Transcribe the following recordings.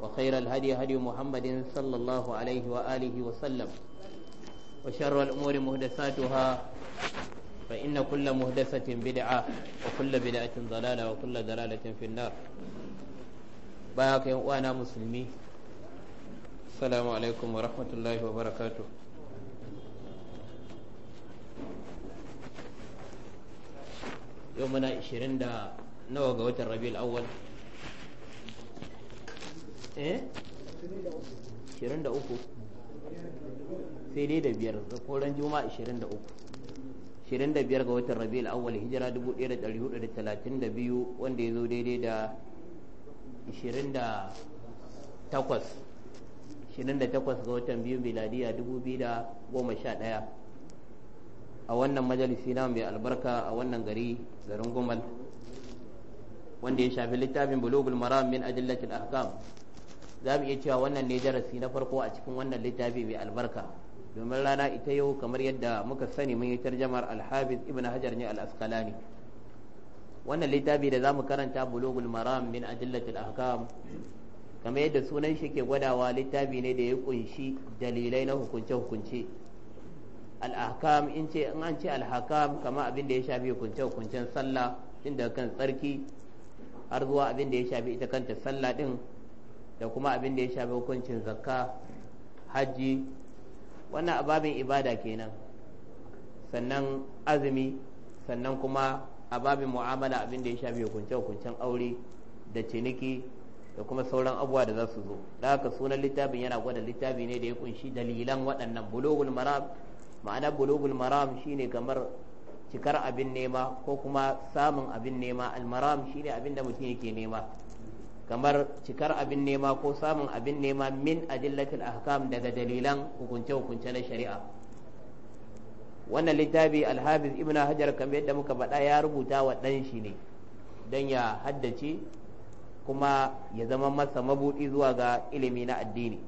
وخير الهدي هدي محمد صلى الله عليه وآله وسلم وشر الأمور مهدساتها فإن كل مهدسة بدعة وكل بدعة ضلالة وكل ضلالة في النار باك وأنا مسلمي السلام عليكم ورحمة الله وبركاته يومنا 20 نوى قوة الربيع الأول eh 23 sai dai da biyar juma'a 23 25 ga watan rabi'ul awwal hijira 1432 wanda ya daidai da 28 28 ga watan biyu miladiya 2011 a wannan majalisi na mai albarka a wannan gari garin gumal wanda ya shafi littafin bulugul maram min adillatil ahkam za mu iya cewa wannan ne darasi na farko a cikin wannan littafi mai albarka domin rana ita yau kamar yadda muka sani mun yi tarjamar alhafiz ibn hajar ne al wannan littafi da za mu karanta bulugul maram min ajillatul ahkam kamar yadda sunan shi ke gwadawa littafi ne da ya kunshi dalilai na hukunce hukunce al in ce in an ce al-hakam kamar abin da ya shafi hukunce hukuncen sallah tun daga kan tsarki har zuwa abin da ya shafi ita kanta sallah din da kuma abin da ya shafi hukuncin zakka hajji wannan ababin ibada kenan sannan azumi sannan kuma ababin mu'amala abin da ya shafi hukunce-hukuncen aure da ciniki da kuma sauran abubuwa da za su zo da haka sunan littafin yana gwada littafi ne da ya kunshi dalilan waɗannan bulogul maram ma'ana bulogul maram shine kamar cikar abin nema ko kuma samun abin nema almaram shine abin da mutum yake nema kamar cikar abin nema ko samun abin nema min ajillatil ahkam daga dalilan hukunce-hukunce na shari'a wannan littafi alhabis ibn hajar kamar yadda muka faɗa ya rubuta wa ɗan shi ne don ya haddace kuma ya zama masa mabuɗi zuwa ga ilimi na addini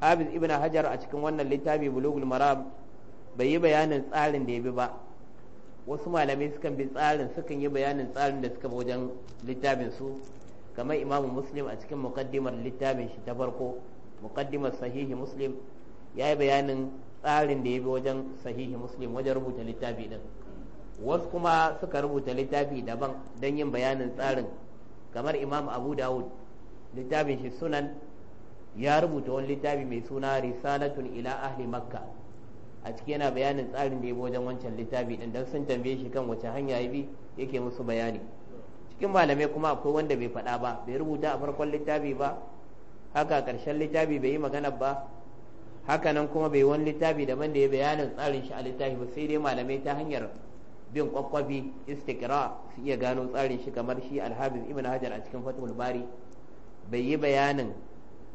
habis ibn hajar a cikin wannan littafi bulugul maram bai yi bayanin tsarin da ya bi ba wasu malamai sukan bi tsarin sukan yi bayanin tsarin da suka wajen littafin su kamar imamu muslim a cikin mukaddimar littafin shi ta farko mukaddimar sahihi muslim ya yi bayanin tsarin da ya bi wajen sahihi muslim wajen rubuta littafi din wasu kuma suka rubuta littafi daban don yin bayanin tsarin kamar imam abu dawud littafin shi sunan ya rubuta wani littafi mai suna risalatun ila ahli makka a ciki yana bayanin tsarin da ya bi wajen wancan littafi din don sun tambaye shi kan wacce hanya ya bi yake musu bayani cikin malamai kuma akwai wanda bai faɗa ba bai rubuta a farkon littafi ba haka ƙarshen littafi bai yi magana ba haka nan kuma bai wani littafi daban da ya bayanin tsarin shi a littafi ba sai dai malamai ta hanyar bin kwakwafi istikra su iya gano tsarin shi kamar shi alhabis ibn hajar a cikin fatul bari bai yi bayanin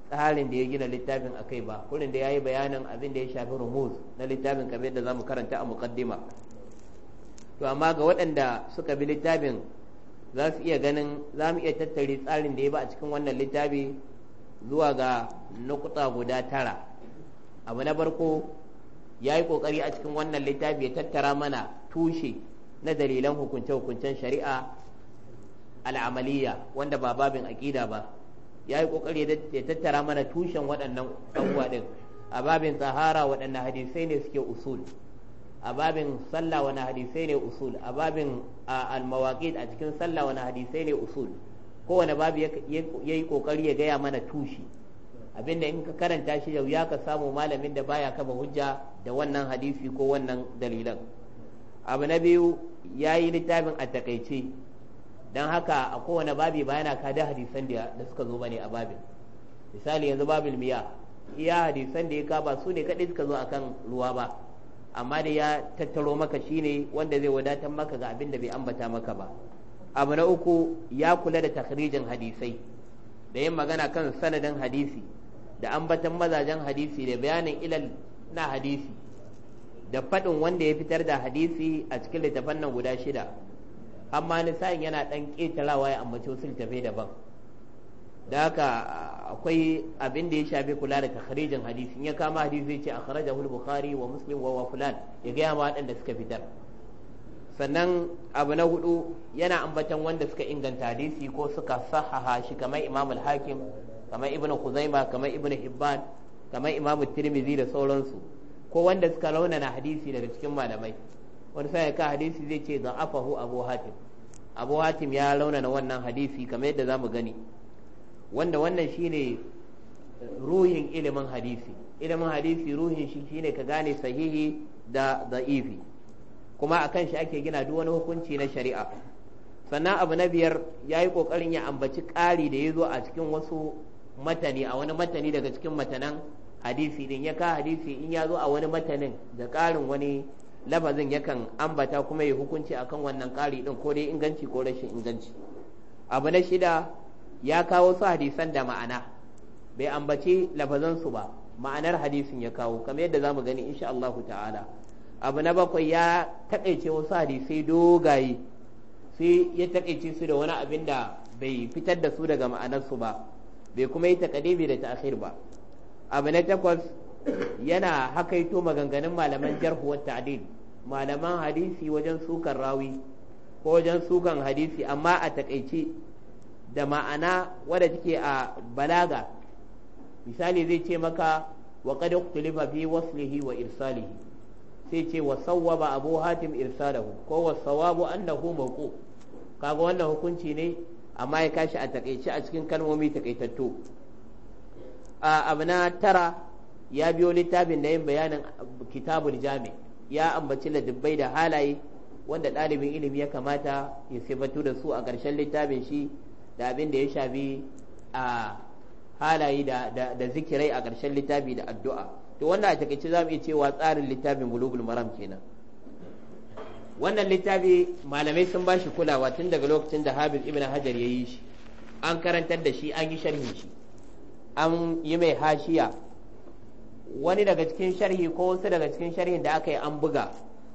tsarin da ya gina littafin a kai ba kurin da ya yi bayanin abin da ya shafi rumuz na littafin kamar yadda za mu karanta a muqaddima to amma ga waɗanda suka bi littafin za su iya ganin za mu iya tattare tsarin da ya ba a cikin wannan littafi zuwa ga nukuta guda tara abu na farko ya yi kokari a cikin wannan littafi ya tattara mana tushe na dalilan hukunce-hukuncen shari'a al'amaliya wanda ba babin aƙida ba ya yi kokari ya tattara mana tushen waɗannan abubuwa a babin tsahara waɗannan hadisai ne suke usul a babin sallah wani hadisai ne usul a babin almawaqit a cikin sallah wani hadisai ne usul kowane babu ya yi kokari ya gaya mana tushi abinda in ka karanta shi da ya ka samu malamin da baya kaba hujja da wannan hadisi ko wannan dalilan abu na biyu ya yi littafin a takaice don haka a kowane babi ba yana kada hadisan da suka zo bane a babin misali yanzu babin miya iya hadisan da ya kaba su ne kaɗai suka zo a kan ruwa ba amma da ya tattaro maka shine wanda zai wadatar maka ga abin da bai ambata maka ba abu na uku ya kula da takhrijin hadisai da yin magana kan sanadin hadisi da ambatan mazajen hadisi da bayanin ilal na hadisi da faɗin wanda ya fitar da hadisi a cikin littafan nan guda shida amma nisa'in yana ɗan ƙetarawa ya ambaci wasu littafai daban da haka akwai abin da ya shafi kula da takharijin hadisi ya kama hadisi zai ce a al-bukhari wa muslim wa wa fulan ya gaya ma waɗanda suka fitar sannan abu na hudu yana ambatan wanda suka inganta hadisi ko suka sahaha shi kamar imam al-hakim kamar ibn khuzaima kamar ibn hibban kamar imam tirmidhi da sauransu ko wanda suka launana hadisi daga cikin malamai wani sai ka hadisi zai ce afahu abu hatim abu hatim ya raunana wannan hadisi kamar yadda za mu gani wanda wannan shine ruhin ilimin hadisi ilimin hadisi ruhin shi shine ka gane sahihi da za'ifi kuma a kan shi ake gina duk wani hukunci na shari'a sannan abu na biyar ya yi ƙoƙarin ya ambaci ƙari da ya zo a cikin wasu matani a wani matani daga cikin matanan hadisi din ya ka hadisi in ya zo a wani matanin da ƙarin wani lafazin yakan ambata kuma ya hukunci akan wannan ƙari din ko dai inganci ko rashin inganci abu na shida ya kawo su hadisan da ma'ana bai ambaci lafazansu ba ma'anar hadisin ya kawo kamar yadda za mu gani insha Allahu ta'ala abu na bakwai ya takaice wasu hadisai dogaye sai ya takaice su da wani abin da bai fitar da su daga ma'anarsu ba bai kuma yi taƙadimi da ta'akhir ba abu na takwas yana hakaito maganganun malaman jarhu wa ta'dil malaman hadisi wajen sukan rawi ko wajen sukan hadisi amma a taƙaice da ma'ana wadda take a balaga misali zai ce maka wa kada ku tulifa fi waslihi wa irsalihi sai ce wa ba abu hatim irsalahu ko wa sawabu annahu mawqu kaga wannan hukunci ne amma ya kashi a takaice a cikin kalmomi takaitattu a abna tara ya biyo littafin da yin bayanin kitabul jami ya ambaci ladibbai da halaye wanda ɗalibin ilimi ya kamata ya sifatu da su a ƙarshen littafin shi da abin da ya shafi a halaye da zikirai a ƙarshen littafi da addu'a to wannan a takaice za mu iya cewa tsarin littafin bulugul maram kenan wannan littafi malamai sun bashi kulawa tun daga lokacin da Habib ibn hajar ya yi shi an karantar da shi an yi sharhin shi an yi mai hashiya wani daga cikin sharhi ko wasu daga cikin sharhin da aka yi an buga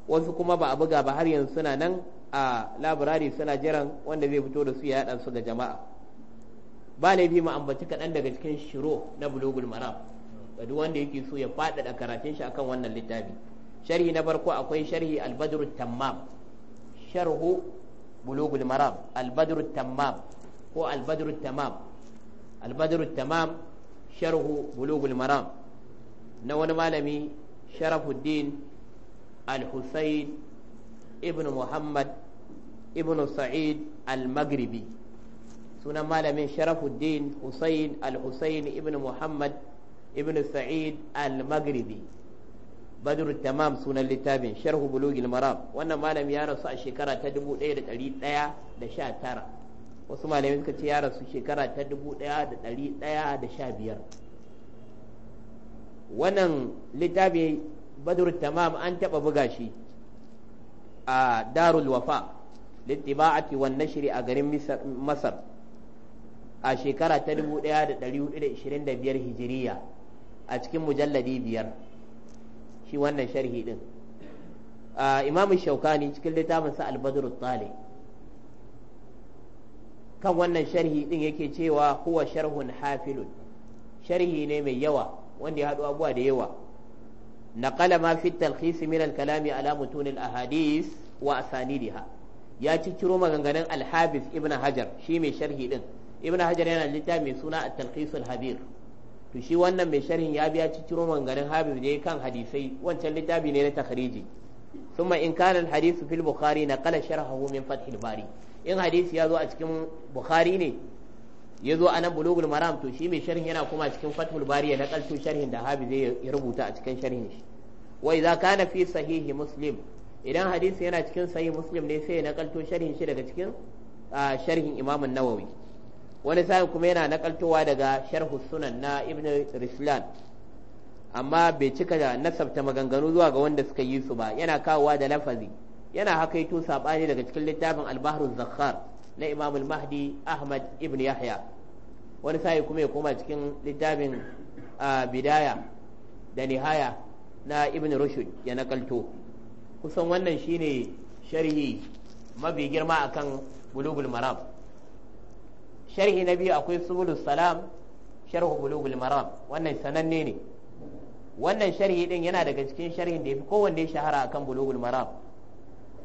wasu kuma ba a buga ba har yanzu suna nan a labirari suna jiran wanda zai fito da su ya haɗa su ga jama'a ba laifi mu ambaci kaɗan daga cikin shiro na bulogul maram ga duk wanda yake so ya faɗaɗa karatun shi akan wannan littafi sharhi na farko akwai sharhi albadru tammam sharhu Bulogul maram albadru tammam ko albadru tamam albadru tamam sharhu Bulogul maram na wani malami sharafuddin al-husayn ibn muhammad ibn sa'id al-maghribi sunan malamin sharafuddin husayn al-husayn ibn muhammad ibn sa'id al-maghribi badru tamam sunan littafin sharhu bulugil maram wannan malamin ya rasu a shekara ta 1119 wasu malamai suka ce ya rasu shekara ta 1115 wannan littafi badru tamam an taba buga shi a darul wafa littiba'ati wan nashri a garin masar a shekara ta 1425 hijiriya a cikin mujalladi biyar shi wannan sharhi din imamu shaukani cikin littafin sa albadru tsali kan wannan sharhi din yake cewa huwa sharhun hafilun sharhi ne mai yawa wanda ya haɗu abuwa da yawa نقل ما في التلخيص من الكلام على متون الأحاديث وأسانيدها يا تشرو مغنغنن الحافظ ابن حجر شي مي شرحي دين ابن حجر yana littafi mai suna a talqis habir to shi wannan mai sharhin ya biya ciciro maganganun habib ne kan hadisai wancan littafi ne na takhriji thumma in kana al-hadith fil bukhari naqala sharhahu min fath bari in hadisi ya zo a cikin bukhari ne ya zo a nan bulugul maram to shi mai sharhin yana kuma cikin fathul bari ya nakalto sharhin da habi zai rubuta a cikin sharhin shi wa idza kana fi sahihi muslim idan hadisi yana cikin sahihi muslim ne sai ya nakalto sharhin shi daga cikin sharhin imam an-nawawi wani sai kuma yana nakaltowa daga sharhu sunan na ibn rislan amma bai cika da nasabta maganganu zuwa ga wanda suka yi su ba yana kawowa da lafazi yana hakaito saɓani daga cikin littafin al-bahr zakhar na Imam mahdi Ahmad ibn Yahya wani sai kuma ya koma cikin littafin bidaya da nihaya na Ibn Rushd ya nakalto kusan wannan shine sharhi mafi girma akan bulugul maram sharhi na biyu akwai subulus salam sharhu bulugul maram wannan sananne ne wannan sharhi din yana daga cikin sharhin da ya fi kowanne shahara akan bulugul maram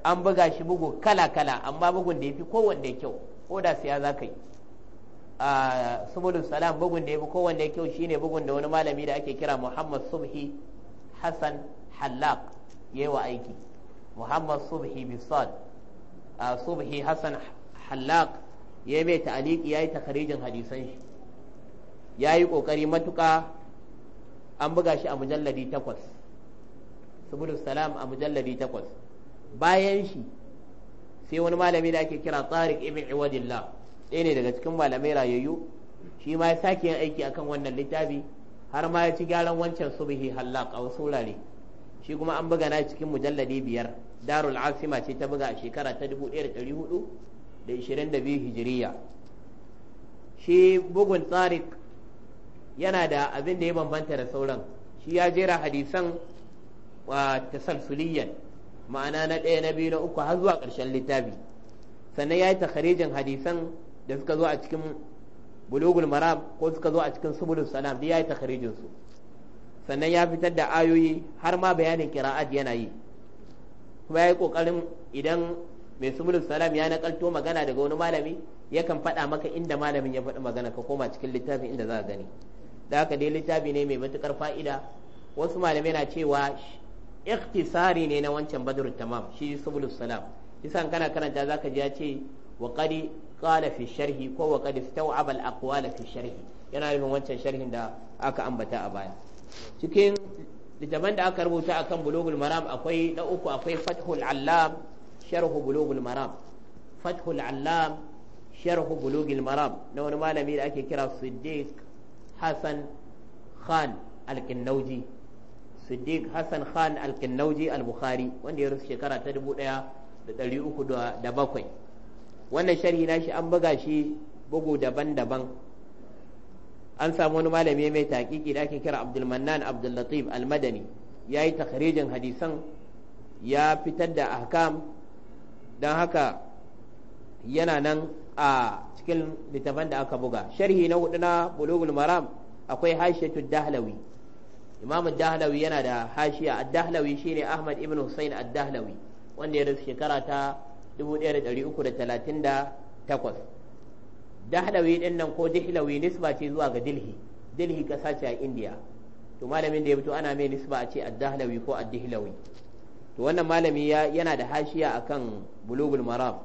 an buga shi bugu kala-kala amma bugun da ya fi kowanne kyau ko da siya za ka yi a subulun salam bugun da ya fi kowanne kyau shine bugun da wani malami da ake kira muhammad subhi hassan hallaq ya wa aiki muhammad subhi bisal a subhi hassan hallaq ya mai ta'aliki ya yi takarijin hadisan shi ya yi ƙoƙari matuƙa an buga shi a mujalladi takwas subulun salam a mujalladi takwas bayan shi sai wani malami da ake kira tsarik ibn iwadillah ɗaya ne daga cikin malamai rayayyu shi ma ya sake yin aiki akan wannan littafi har ma ya ci gyaran wancan subhi hallaq a wasu wurare shi kuma an buga na cikin mujalladi biyar darul asima ce ta buga a shekara ta 1422 hijiriya shi bugun tsarik yana da abin da ya bambanta da sauran shi ya jera hadisan tasalsuliyan ma'ana na ɗaya na biyu na uku har zuwa ƙarshen littafi sannan ya yi takharijin hadisan da suka zo a cikin bulugul maram ko suka zo a cikin subulus salam da ya yi takharijin su sannan ya fitar da ayoyi har ma bayanin kira'at yana yi kuma ya yi kokarin idan mai subulus salam ya nakalto magana daga wani malami yakan faɗa maka inda malamin ya faɗi magana ka koma cikin littafin inda za ka gani da haka dai littafi ne mai matuƙar fa'ida wasu malamai na cewa iktisari ne na wancan badru tamam shi subulus salam isan kana karanta zaka ji ya ce wa qad qala fi sharhi ko wa qad istaw'aba al aqwala fi sharhi yana yin wancan sharhin da aka ambata a baya cikin littafan da aka rubuta akan bulugul maram akwai na uku akwai fathul allam sharhu bulugul maram fathul allam sharhu bulugul maram na wani malami da ake kira siddiq hasan khan al-kinnauji siddiq hassan khan alkinnauji al-bukhari wanda ya rusu shekara ta dubu ɗaya da ɗari bakwai wannan sharhi na shi an buga shi bugu daban-daban an samu wani malami mai taƙiƙi da ake kira abdulmannan abdullatif almadani ya yi takharijin hadisan ya fitar da ahkam don haka yana nan a cikin littafan da aka buga sharhi na hudu na bulugul maram akwai haishatu dahlawi imamu dahlawi yana da hashiya ad-dahlawi shine ahmad ibn husain ad-dahlawi wanda ya rasu shekara ta 1338 dahlawi din nan ko dihlawi nisba ce zuwa ga dilhi dilhi kasa ce a indiya to malamin da ya fito ana mai nisba a ce ad-dahlawi ko ad-dihlawi to wannan malami yana da hashiya akan bulugul marab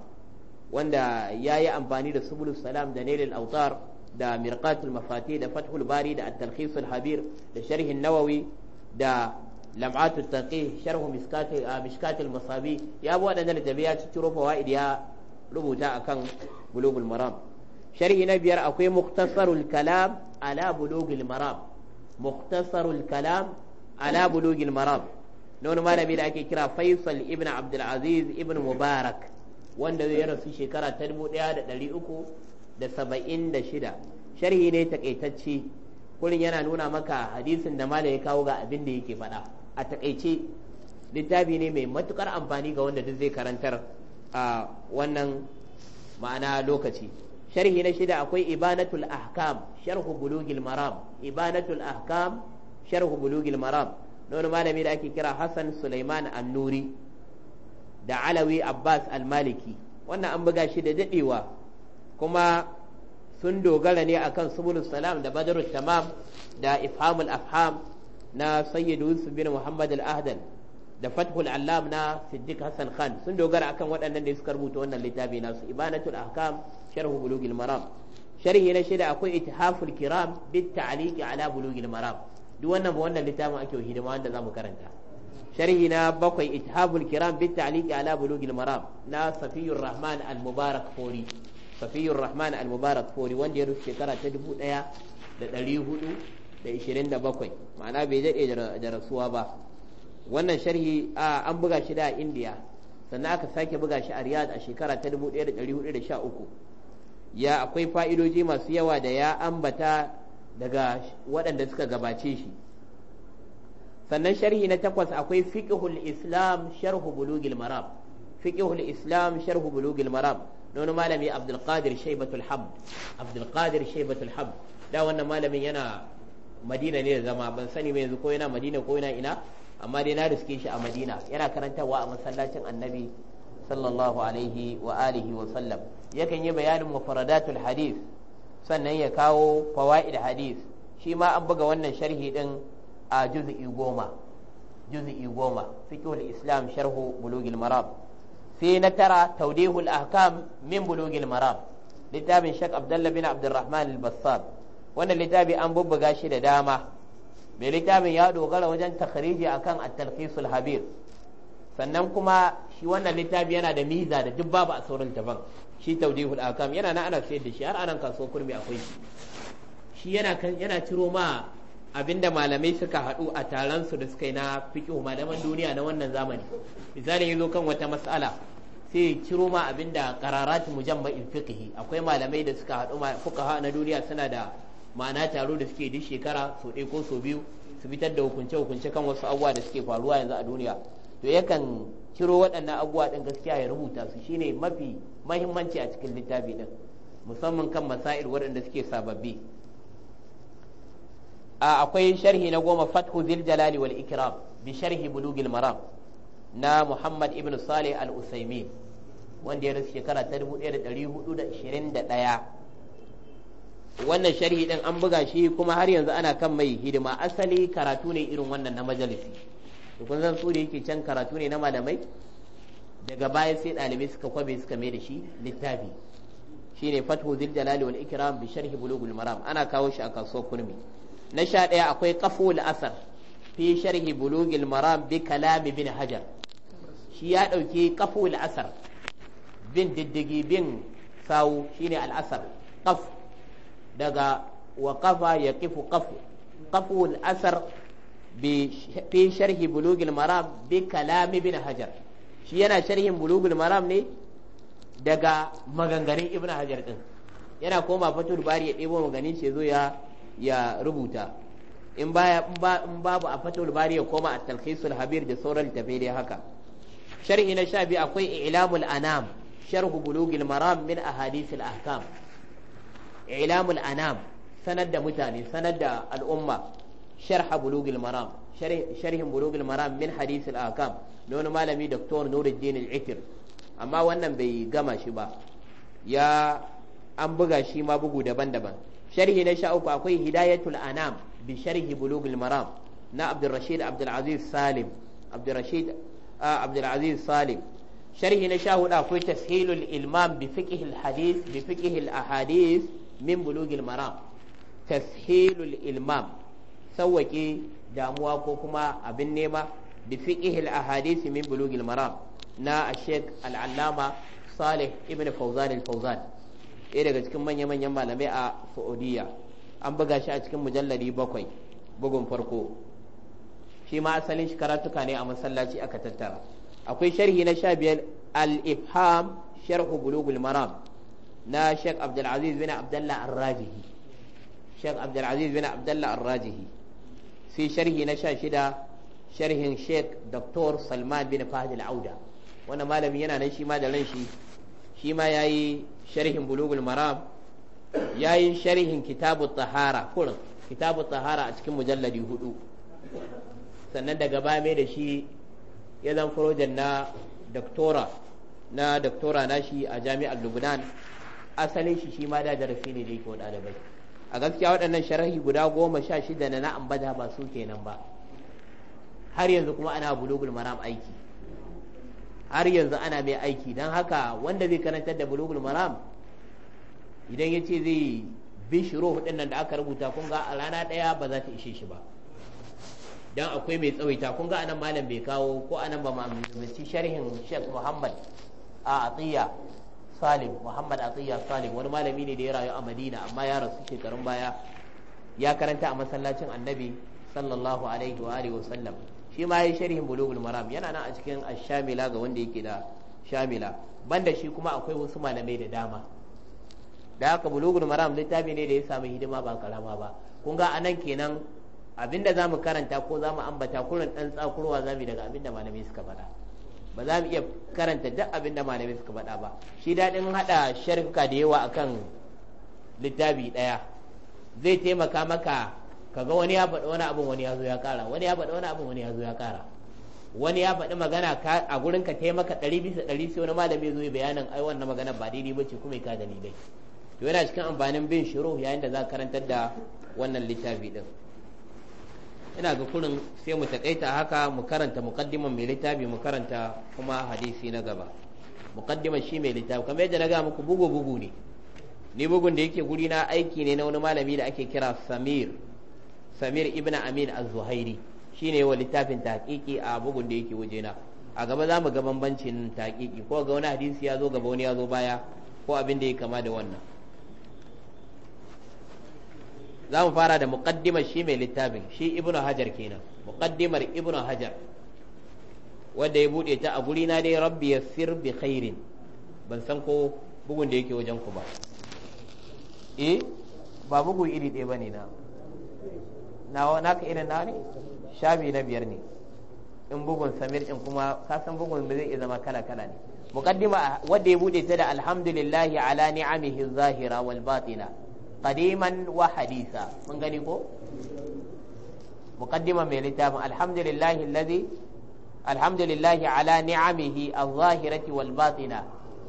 wanda ya yi amfani da subul salam da nailul autar da mirqatul mafati da fathul bari da at-talkhisul habir da sharhin nawawi da lam'atul taqi sharhu miskati mishkatil masabi ya bu wadannan littafi ya ciro fawaid ya rubuta akan bulugul maram sharhi na biyar akwai mukhtasarul kalam ala bulugul maram mukhtasarul kalam ala bulugul maram na wani malami da ake kira faisal ibn abdulaziz ibn mubarak wanda ya rasu shekara ta dubu ɗaya da ɗari uku da saba'in da shida sharhi ne takaitacce kurin yana nuna maka hadisin da malam ya kawo ga abin da yake faɗa a takaice littafi ne mai matukar amfani ga wanda duk zai karantar a wannan ma'ana lokaci sharhi na shida akwai ibanatul ahkam sharhu bulugil maram ibanatul ahkam sharhu bulugil maram nono malami da ake kira hassan suleiman annuri da alawi abbas almaliki wannan an buga shi da dadewa kuma sun dogara ne akan subulus salam da badarut tamam da ifhamul afham na sayyidu yusuf bin muhammad al-ahdal da fathul allam na siddiq hassan khan sun dogara akan waɗannan da suka rubuta wannan littafi nasu ibanatul ahkam sharhu bulugil maram sharhi na shida akwai ittihaful kiram bit ta'liqi ala bulugil maram duk wannan ba wannan littafin ake hidima wanda zamu karanta sharhi na bakwai ittihaful kiram bit ta'liqi ala bulugil maram na safiyur rahman al mubarak fori safiyur rahman al-mubarak wanda ya rufe shekara ta bakwai ma'ana bai daɗe da rasuwa ba wannan sharhi an buga shi da indiya sannan aka sake buga shi a riyadh a shekara ta uku ya akwai fa'idoji masu yawa da ya ambata daga waɗanda suka gabace shi sannan sharhi na takwas akwai fiqhul islam sharhu bulugil marab fiqhul islam sharhu bulugil marab da malami abdulkadir shaibatul hamd abdulkadir shaibatul hamd da wannan malamin yana madina ne da zama ban sani mai yanzu ko yana madina ko yana ina amma dai na riske shi a madina yana karantarwa a masallacin annabi sallallahu alaihi wa alihi wa sallam yakan yi bayanin mufaradatul hadis sannan ya kawo fawaid hadis shi ma an buga wannan sharhi din a juz'i goma juz'i goma fiqhul islam sharhu bulugil marab sai na tara taudihul ahkam min bulugil maram littafin shek abdullah bin abdurrahman al-bassam wannan littafi an bubbuga shi da dama mai littafin ya dogara wajen takhriji akan at-talqisul habir sannan kuma shi wannan littafi yana da miza da duk babu a ta ban shi taudihul ahkam yana na ana sayar da shi har anan kaso kurmi akwai shi shi yana yana ciro ma abinda malamai suka haɗu a taron su da suka yi na fiqh malaman duniya na wannan zamani misali zo kan wata mas'ala sai ya ciro ma abinda qararat mujamma'in fiqhi akwai malamai da suka haɗu fuqaha na duniya suna da ma'ana taro da suke duk shekara so ɗaya ko so biyu su fitar da hukunce hukunce kan wasu abubuwa da suke faruwa yanzu a duniya to yakan ciro waɗannan abubuwa ɗin gaskiya ya rubuta su shine mafi mahimmanci a cikin littafi ɗin musamman kan masail waɗanda suke sababbi akwai sharhi na goma fathu zil jalali wal ikram bi sharhi bulugil maram na Muhammad ibn Salih al-Usaimin wanda ya rasu shekara ta 1421 wannan sharhi din an buga shi kuma har yanzu ana kan mai hidima asali karatu ne irin wannan na majalisi to kun san su da yake can karatu ne na malamai daga baya sai ɗalibai suka kwabe suka mai da shi littafi shine fathu zil jalali wal ikram bi sharhi bulughul maram ana kawo shi a kasuwar kurmi na sha ɗaya akwai qaful asar fi sharhi bulughul maram bi kalam ibn hajar shi ya ɗauki kafu al'asar bin diddigi bin sawu shine al'asar kaf daga wa kafa ya kifu kafu kafu al'asar fi sharhi bulugil maram bi kalami bin hajar shi yana sharhin bulugul maram ne daga maganganun ibn hajar din yana koma fatul bari ya ɗebo maganin shi zo ya ya rubuta in babu a fatul bari ya koma a talkhisul habir da sauran tafai dai haka sharhi na sha biyu akwai ilamul anam sharhu bulugil maram min ahadithil ahkam ilamul anam sanar da mutane sanar da al'umma sharha bulugil maram sharhin bulugil maram min hadithil ahkam da wani malami doktor nuruddin al-itir amma wannan bai gama shi ba ya an buga shi ma bugu daban-daban sharhi na sha uku akwai hidayatul anam bi sharhi bulugil maram na abdulrashid abdulaziz salim abdulrashid Abdulaziz Salim sharhi na sha hudu akwai tashilul ilmam bi fiqh hadith bi fiqh ahadith min bulugh maram tashilul ilmam sawwake damuwa ko kuma abin nema bi fiqh al ahadith min bulugh al maram na Sheikh al-Allama Salih ibn Fawzan al-Fawzan ɗaya daga cikin manya-manyan malamai a Saudiya an buga shi a cikin mujalladi bakwai bugun farko shi ma asalin shi karatuka ne a masallaci aka tattara akwai sharhi na sha biyar al-ifham sharhu bulugul maram na Sheikh Abdul Aziz bin Abdullah Ar-Rajihi Sheikh Abdul Aziz bin Abdullah Ar-Rajihi sai sharhi na sha shida sharhin Sheikh Dr. Salman bin Fahd Al-Auda wannan malami yana nan shi ma da ran shi shi ma yayi sharhin bulugul maram yayi sharhin kitabut tahara kurin kitabut tahara a cikin mujalladi hudu sannan daga baya mai da shi ya zan furojen na doktora na doktora na shi a jami'ar lubnan asalin shi shi ma da darasi ne da yake ɗalibai a gaskiya waɗannan sharahi guda goma sha shida na na'am ambata ba su kenan ba har yanzu kuma ana bulugul maram aiki har yanzu ana mai aiki don haka wanda zai karantar da bulugul maram idan ya ce zai bishiro hudun nan da aka rubuta kun a rana ɗaya ba za ta ishe shi ba dan akwai mai tsawaita kun ga anan malam bai kawo ko anan ba mace sharhin Sheikh Muhammad a Atiya Salim Muhammad Atiya Salim wani malami ne da ya rayu a Madina amma ya rasu shekarun baya ya karanta a masallacin Annabi sallallahu alaihi wa alihi wasallam shi ma yayi sharhin Bulughul Maram yana nan a cikin Ash-Shamila ga wanda yake da Shamila banda shi kuma akwai wasu malamai da dama da haka Bulughul Maram littafi ne da ya samu hidima ba karama ba kun ga anan kenan abinda za mu karanta ko za mu ambata kurin ɗan tsakurwa za mu daga abinda malamai suka faɗa ba za mu iya karanta duk abinda malamai suka faɗa ba shi daɗin haɗa sharifka da yawa akan littafi ɗaya zai taimaka maka kaga wani ya faɗi wani abin wani ya zo ya kara wani ya faɗi wani abin wani ya zo ya kara wani ya faɗi magana a gurin ka taimaka ɗari bisa ɗari sai wani malami zo yi bayanin ai wannan magana ba daidai ba ce kuma ka dalilai to yana cikin amfanin bin shiru yayin da za ka karantar da wannan littafi din ina ga kurin sai mu takaita haka mu karanta mukaddiman mai littafi mu karanta kuma hadisi na gaba muqaddiman shi mai littafi kamar yadda na ga muku bugu bugu ne ni bugun da yake guri na aiki ne na wani malami da ake kira Samir Samir ibn Amin az-Zuhairi shine wa littafin tahqiqi a bugun da yake waje na a gaba za mu ga bambancin tahqiqi ko ga wani hadisi ya zo gaba wani ya zo baya ko abin da ya kama da wannan za mu fara da muqaddimar shi mai littafin shi Ibn hajar kenan muqaddimar Ibn hajar wanda ya bude ta a guri na dai rabbi yassir bi khairin ban san ko bugun da yake wajen ku ba eh ba bugu iri ɗaya bane na na naka irin na ne shabi na biyar ne in bugun samir din kuma ka san bugun zai iya zama kala kala ne muqaddima wanda ya bude ta da alhamdulillahi ala ni'amihi zahira wal batina qadiman wa haditha mun gani ko muqaddima mai littafin alhamdulillahi alladhi alhamdulillahi ala ni'amihi adh-dhahirati wal batina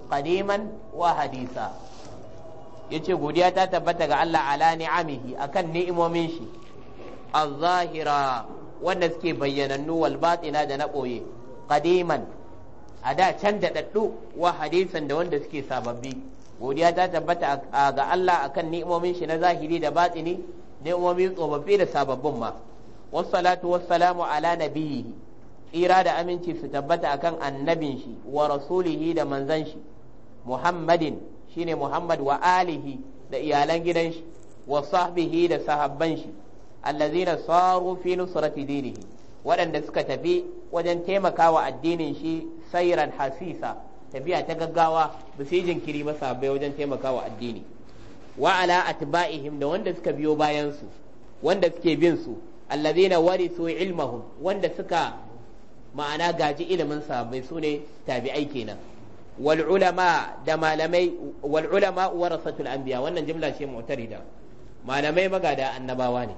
qadiman wa haditha yace godiya ta tabbatar ga Allah ala ni'amihi akan ni'imomin shi adh-dhahira wanda suke bayyanannu wal batina da na ɓoye qadiman a da can da daddu wa hadisan da wanda suke sababbi godiya ta tabbata ga Allah akan ni'imomin shi na zahiri da batini ni'imomin tsofaffi da sababbin ma wassalatu wassalamu ala nabiyhi tsira da aminci su tabbata akan annabin shi wa rasulihi da manzan shi muhammadin shine muhammad wa alihi da iyalan gidan shi wa sahbihi da sahabban shi allazina saru fi nusrati dinihi waɗanda suka tafi wajen taimakawa addinin shi sairan hasisa tafiya ta gaggawa ba su yi jinkiri ba sahabbai wajen taimakawa addini wa ala atba'ihim da wanda suka biyo bayan su wanda suke bin su allazina warisu ilmahum wanda suka ma'ana gaji ilimin su sune tabi'ai kenan wal ulama da malamai wal ulama warasatul anbiya wannan jimla ce mu'tarida malamai magada annabawa ne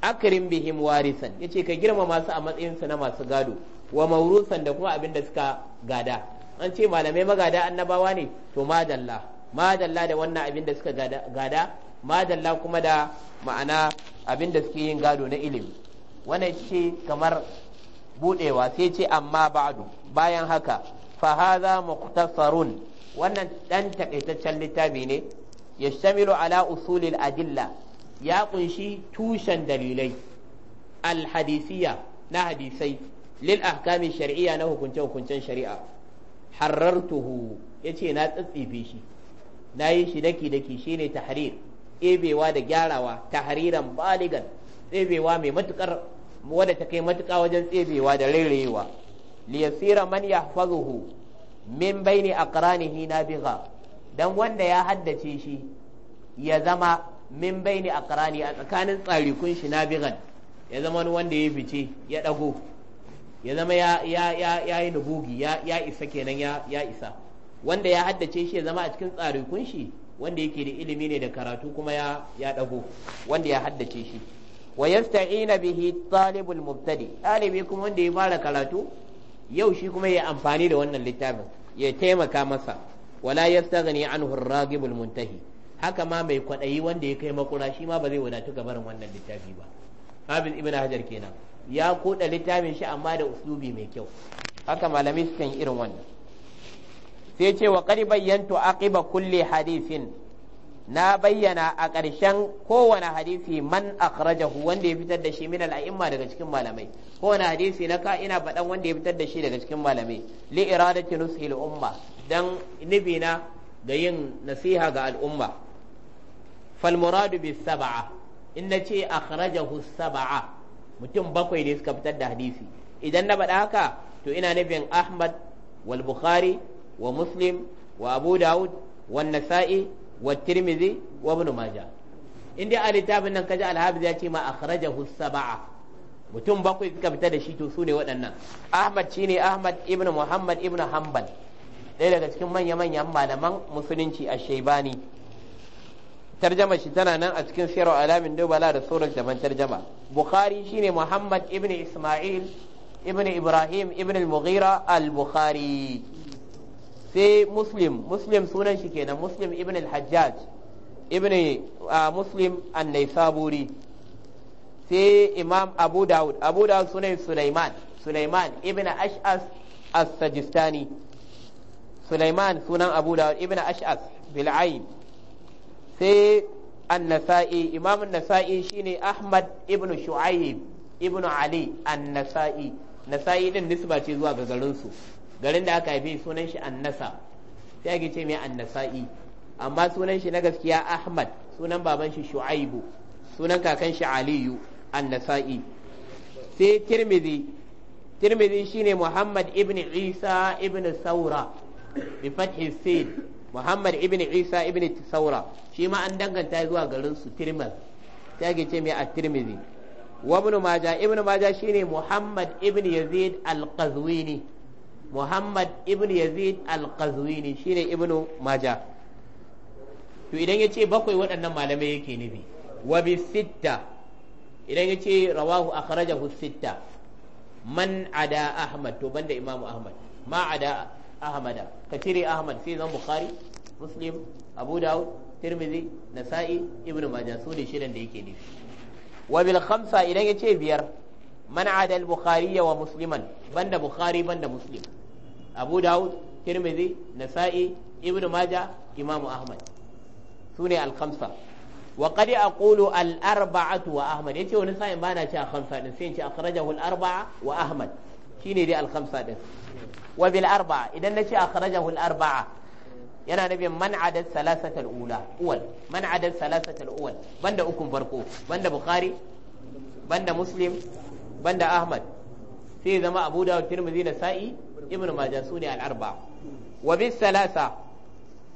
akrim bihim warisan yace ka girmama su a matsayin su na masu gado wa maurusan da kuma abin da suka gada an ce malamai magada annabawa ne to madalla madalla da wannan abin da suka gada madalla kuma da ma'ana abin da suke yin gado na ilimi wannan ce kamar budewa sai ce amma ba'du bayan haka fa hadha muqtasarun wannan dan takaitaccen littafi ne yashtamilu ala usulil adilla ya kunshi tushen dalilai alhadisiya na hadisai lil ahkami shari'a na hukunce hukuncen shari'a harartuhu ce na tsatsife shi na yi shi daki daki ne tahrir ɗebewa da gyarawa tahriran baligan tsebewa mai matukar wadda ta kai matuka wajen tsebewa da rairayewa liyasira man yahfazuhu min baini aqranihi biga dan wanda ya haddace shi ya zama min baini aqrani a tsakanin tsarikun shi na bigan ya zama wanda ya fice ya dago ya zama ya ya yi nubugi ya isa kenan ya isa wanda ya haddace shi ya zama a cikin tsari kunshi wanda yake da ilimi ne da karatu kuma ya ya dago wanda ya haddace shi wa yasta'ina bihi talibul mubtadi ɗalibi kuma wanda ya fara karatu yau shi kuma ya amfani da wannan littafin ya taimaka masa wala yastaghni anhu ar-ragibul muntahi haka ma mai kwaɗayi wanda ya kai makura shi ma ba zai wadatu gabarin wannan littafi ba Hafiz Ibn Hajar kenan ya koda littafin shi amma da uslubi mai kyau haka malamai sukan yi irin wannan sai ce wa qad bayyantu aqiba kulle hadithin na bayyana a ƙarshen kowane hadisi man akhrajahu wanda ya fitar da shi min al'imma daga cikin malamai kowane hadisi na ka ina faɗan wanda ya fitar da shi daga cikin malamai li iradati nushil umma dan nibina ga yin nasiha ga al'umma fal muradu bis sab'a in nace akhrajahu sab'a mutum bakwai ne suka fitar da hadisi idan na faɗa haka to ina nufin ahmad wal bukhari wa muslim wa abu dawud wa nasa'i wa tirmidhi wa ibn majah in dai a littafin nan kaji alhabiz ya ce ma akhrajahu sab'a mutum bakwai suka fitar da shi to su ne waɗannan ahmad shine ahmad ibn muhammad ibn hanbal ɗaya daga cikin manya-manyan malaman musulunci a shaibani tarjama shi tana nan a cikin sirar alamin dubala da sauran daban tarjama bukhari shine muhammad ibn isma'il ibn ibrahim ibn al-mughira sai muslim sunan shi kenan muslim ibn al-hajjaj ibn ah, muslim an-naisaburi sai imam abu daud abu daud sunan sulaiman sulaiman ibn as sunan ibn bil'ain sai an-nasa'i nasai shine ahmad ibn shu'aib ibn ali an-nasa'i din nisba ce zuwa ga garin su garin da aka haife sunan shi an-nasa sai ake ce mai an amma sunan shi na gaskiya ahmad sunan baban shi shu'aibu sunan kakan shi aliyu Annasa'i. nasai sai tirmidhi tirmidhi shine muhammad ibn isa ibn saura bi fathi sin muhammad ibn isa ibn saura shi ma an danganta zuwa garin su tirmidh sai ake ce mai at-tirmidhi wa ibn maja ibn maja shine muhammad ibn yazid al-qazwini muhammad ibn yazid al-qazwini shine ibn maja to idan yace bakwai waɗannan malamai yake nufi wa bi sitta idan yace rawahu akhrajahu sitta man ada ahmad to banda imamu ahmad ma ada ahmada ka cire ahmad sai zan bukhari muslim abu dawud tirmidhi nasa'i ibnu majah su ne shirin da yake nufi wa bil khamsa idan ya ce biyar man ada al bukhari wa musliman banda bukhari banda muslim abu dawud tirmidhi nasa'i ibnu majah imamu ahmad su ne al khamsa wa qad aqulu al arba'atu wa ahmad yace wani sa'in bana ci a khamsa din sai in ci akhrajahu al arba'a wa ahmad shine dai al khamsa din wa bil arba'a idan nace akhrajahu al arba'a yana nabin man adad salasatal ula uwal man adad salasatal uwal banda ukun farko banda bukhari banda muslim banda ahmad sai zama abu dawud tirmidhi da sa'i ibn majah sune al arba wa bis salasa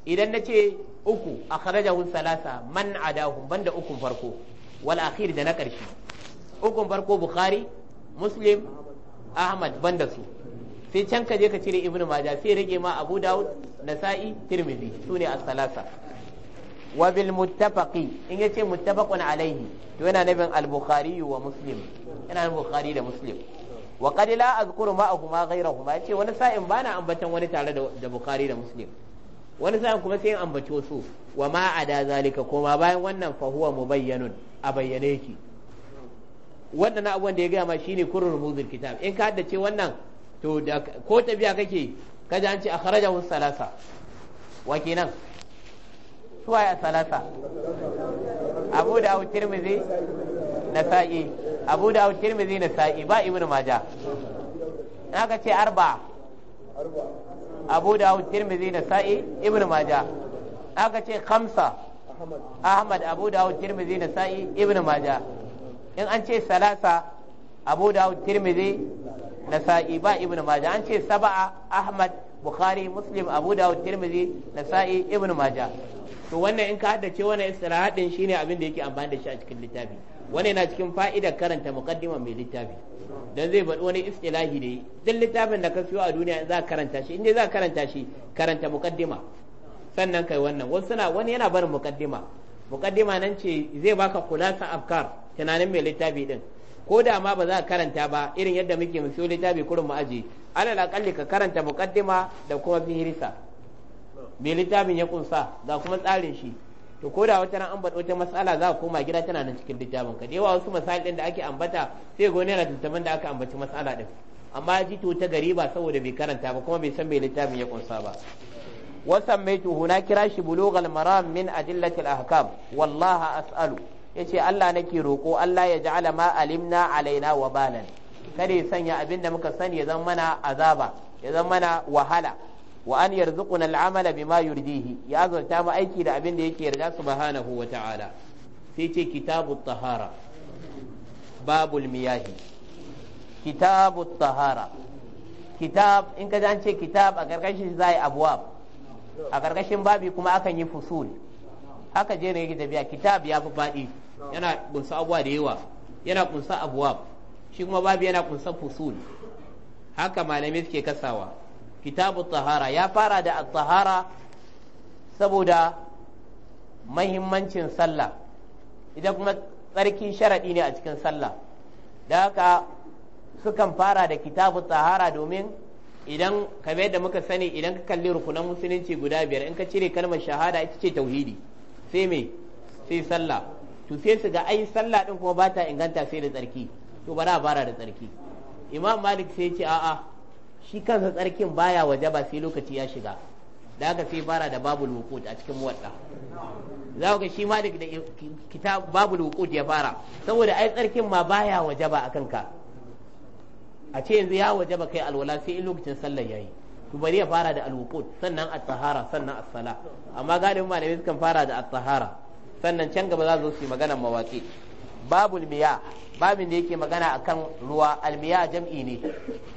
idan nace uku akhrajahu salasa man adahum banda ukun farko wal akhir da na karshe ukun farko bukhari muslim ahmad banda su sai can ka je ka cire ibn maja sai rage ma abu daud nasa'i tirmidhi sune as-salasa wa bil muttafaqi in yace muttafaqun alayhi to yana nabin al-bukhari wa muslim yana bukhari da muslim wa qad la azkuru ma'ahuma ghayrahuma yace wani sa'in bana ambatan wani tare da bukhari da muslim wani sa'in kuma sai in ambaci wasu wa ma ada zalika kuma bayan wannan fa huwa mubayyanun a bayyane yake wannan abubuwan da ya gaya ma shine kurrul muzil kitab in ka haddace wannan to da ko tafiya kake kaji an ce a kharaja hu salasa wa kenan suwa ya salasa abu da au tirmizi na sa'i abu da au tirmizi na sa'i ba ibn maja na ka ce arba abu da au tirmizi na sa'i ibn maja na ka ce khamsa ahmad abu da au tirmizi na sa'i ibn maja in an ce salasa abu da au tirmizi nasa'i ba ibnu maja an ce saba'a ahmad bukhari muslim abu dawud tirmidhi nasa'i ibnu to wannan in ka haddace wannan istirahadin shine abin da yake amfani da shi a cikin littafi wannan yana cikin fa'idar karanta muqaddima mai littafi dan zai faɗi wani istilahi da duk littafin da ka siyo a duniya za ka karanta shi inda za ka karanta shi karanta muqaddima sannan kai wannan wasu na wani yana barin muqaddima muqaddima nan ce zai baka kulasa afkar tunanin mai littafi din ko da ma ba za ka karanta ba irin yadda muke mu siyo littafi kurin ma'aji alal akalli ka karanta muqaddima da kuma fihrisa me littafin ya kunsa ga kuma tsarin shi to ko da wata ran an wata matsala za ka koma gida tana nan cikin littafin ka da wasu misali din da ake ambata sai ga na tattaban da aka ambaci masala din amma ji to ta gari ba saboda bai karanta ba kuma bai san me littafin ya kunsa ba وسميته هنا كراش بلوغ المرام min أدلة الأحكام wallahi asalu ya ce Allah nake roko Allah ya ja'ala ma alimna alaina wa balan kada ya sanya abin da muka sani ya zama mana azaba ya zama mana wahala wa an yarzuquna al'amala bima yurdihi ya azurta mu aiki da abin da yake yarda subhanahu wa ta'ala sai ce kitabu tahara babul miyahi tahara kitab in ka an ce kitab a karkashin za a yi a karkashin babi kuma akan yi fusul haka je ne yake tafiya kitab ya fi faɗi yana kunsa abuwa da yawa yana kunsa abuwab shi kuma babu yana kunsa fusul haka malamai suke kasawa kitabu tahara ya fara da tahara saboda mahimmancin sallah ita kuma tsarki sharaɗi ne a cikin sallah da haka sukan fara da kitabu tahara domin idan kamar yadda muka sani idan ka kalli rukunan musulunci guda biyar in ka cire kalmar shahada ita ce tauhidi sai me sai sallah to sai su ga ai sallah din kuma ba ta inganta sai da tsarki to ba za a fara da tsarki imam malik sai ce a'a shi kansa tsarkin baya waje ba sai lokaci ya shiga da haka sai fara da babul wuqut a cikin muwadda za ga shi malik da kitab babul wuqut ya fara saboda ai tsarkin ma baya waje ba akan ka a ce yanzu ya waje ba kai alwala sai in lokacin sallar yayi to bari ya fara da alwuqut sannan at-tahara sannan as-sala amma galibin malamai sukan fara da at-tahara sannan can gaba za su yi maganar mawaƙi babul miya babin da yake magana akan ruwa almiya jam'i ne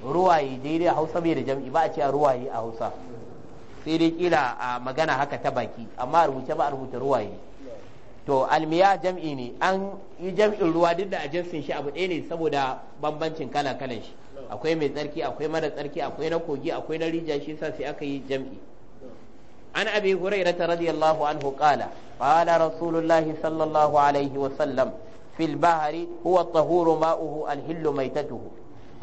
ruwaye daidai a hausa bai da jam'i ba a ce ruwaye a hausa sai dai kila a magana haka ta baki amma rubuce ba a rubuta ruwaye to almiya jam'i ne an yi jam'in ruwa duk da a jinsin shi abu ɗaya ne saboda bambancin kala kalan shi akwai mai tsarki akwai mara tsarki akwai na kogi akwai na rija shi sa sai aka yi jam'i عن أبي هريرة رضي الله عنه قال قال رسول الله صلى الله عليه وسلم في البحر هو الطهور ماؤه الهل ميتته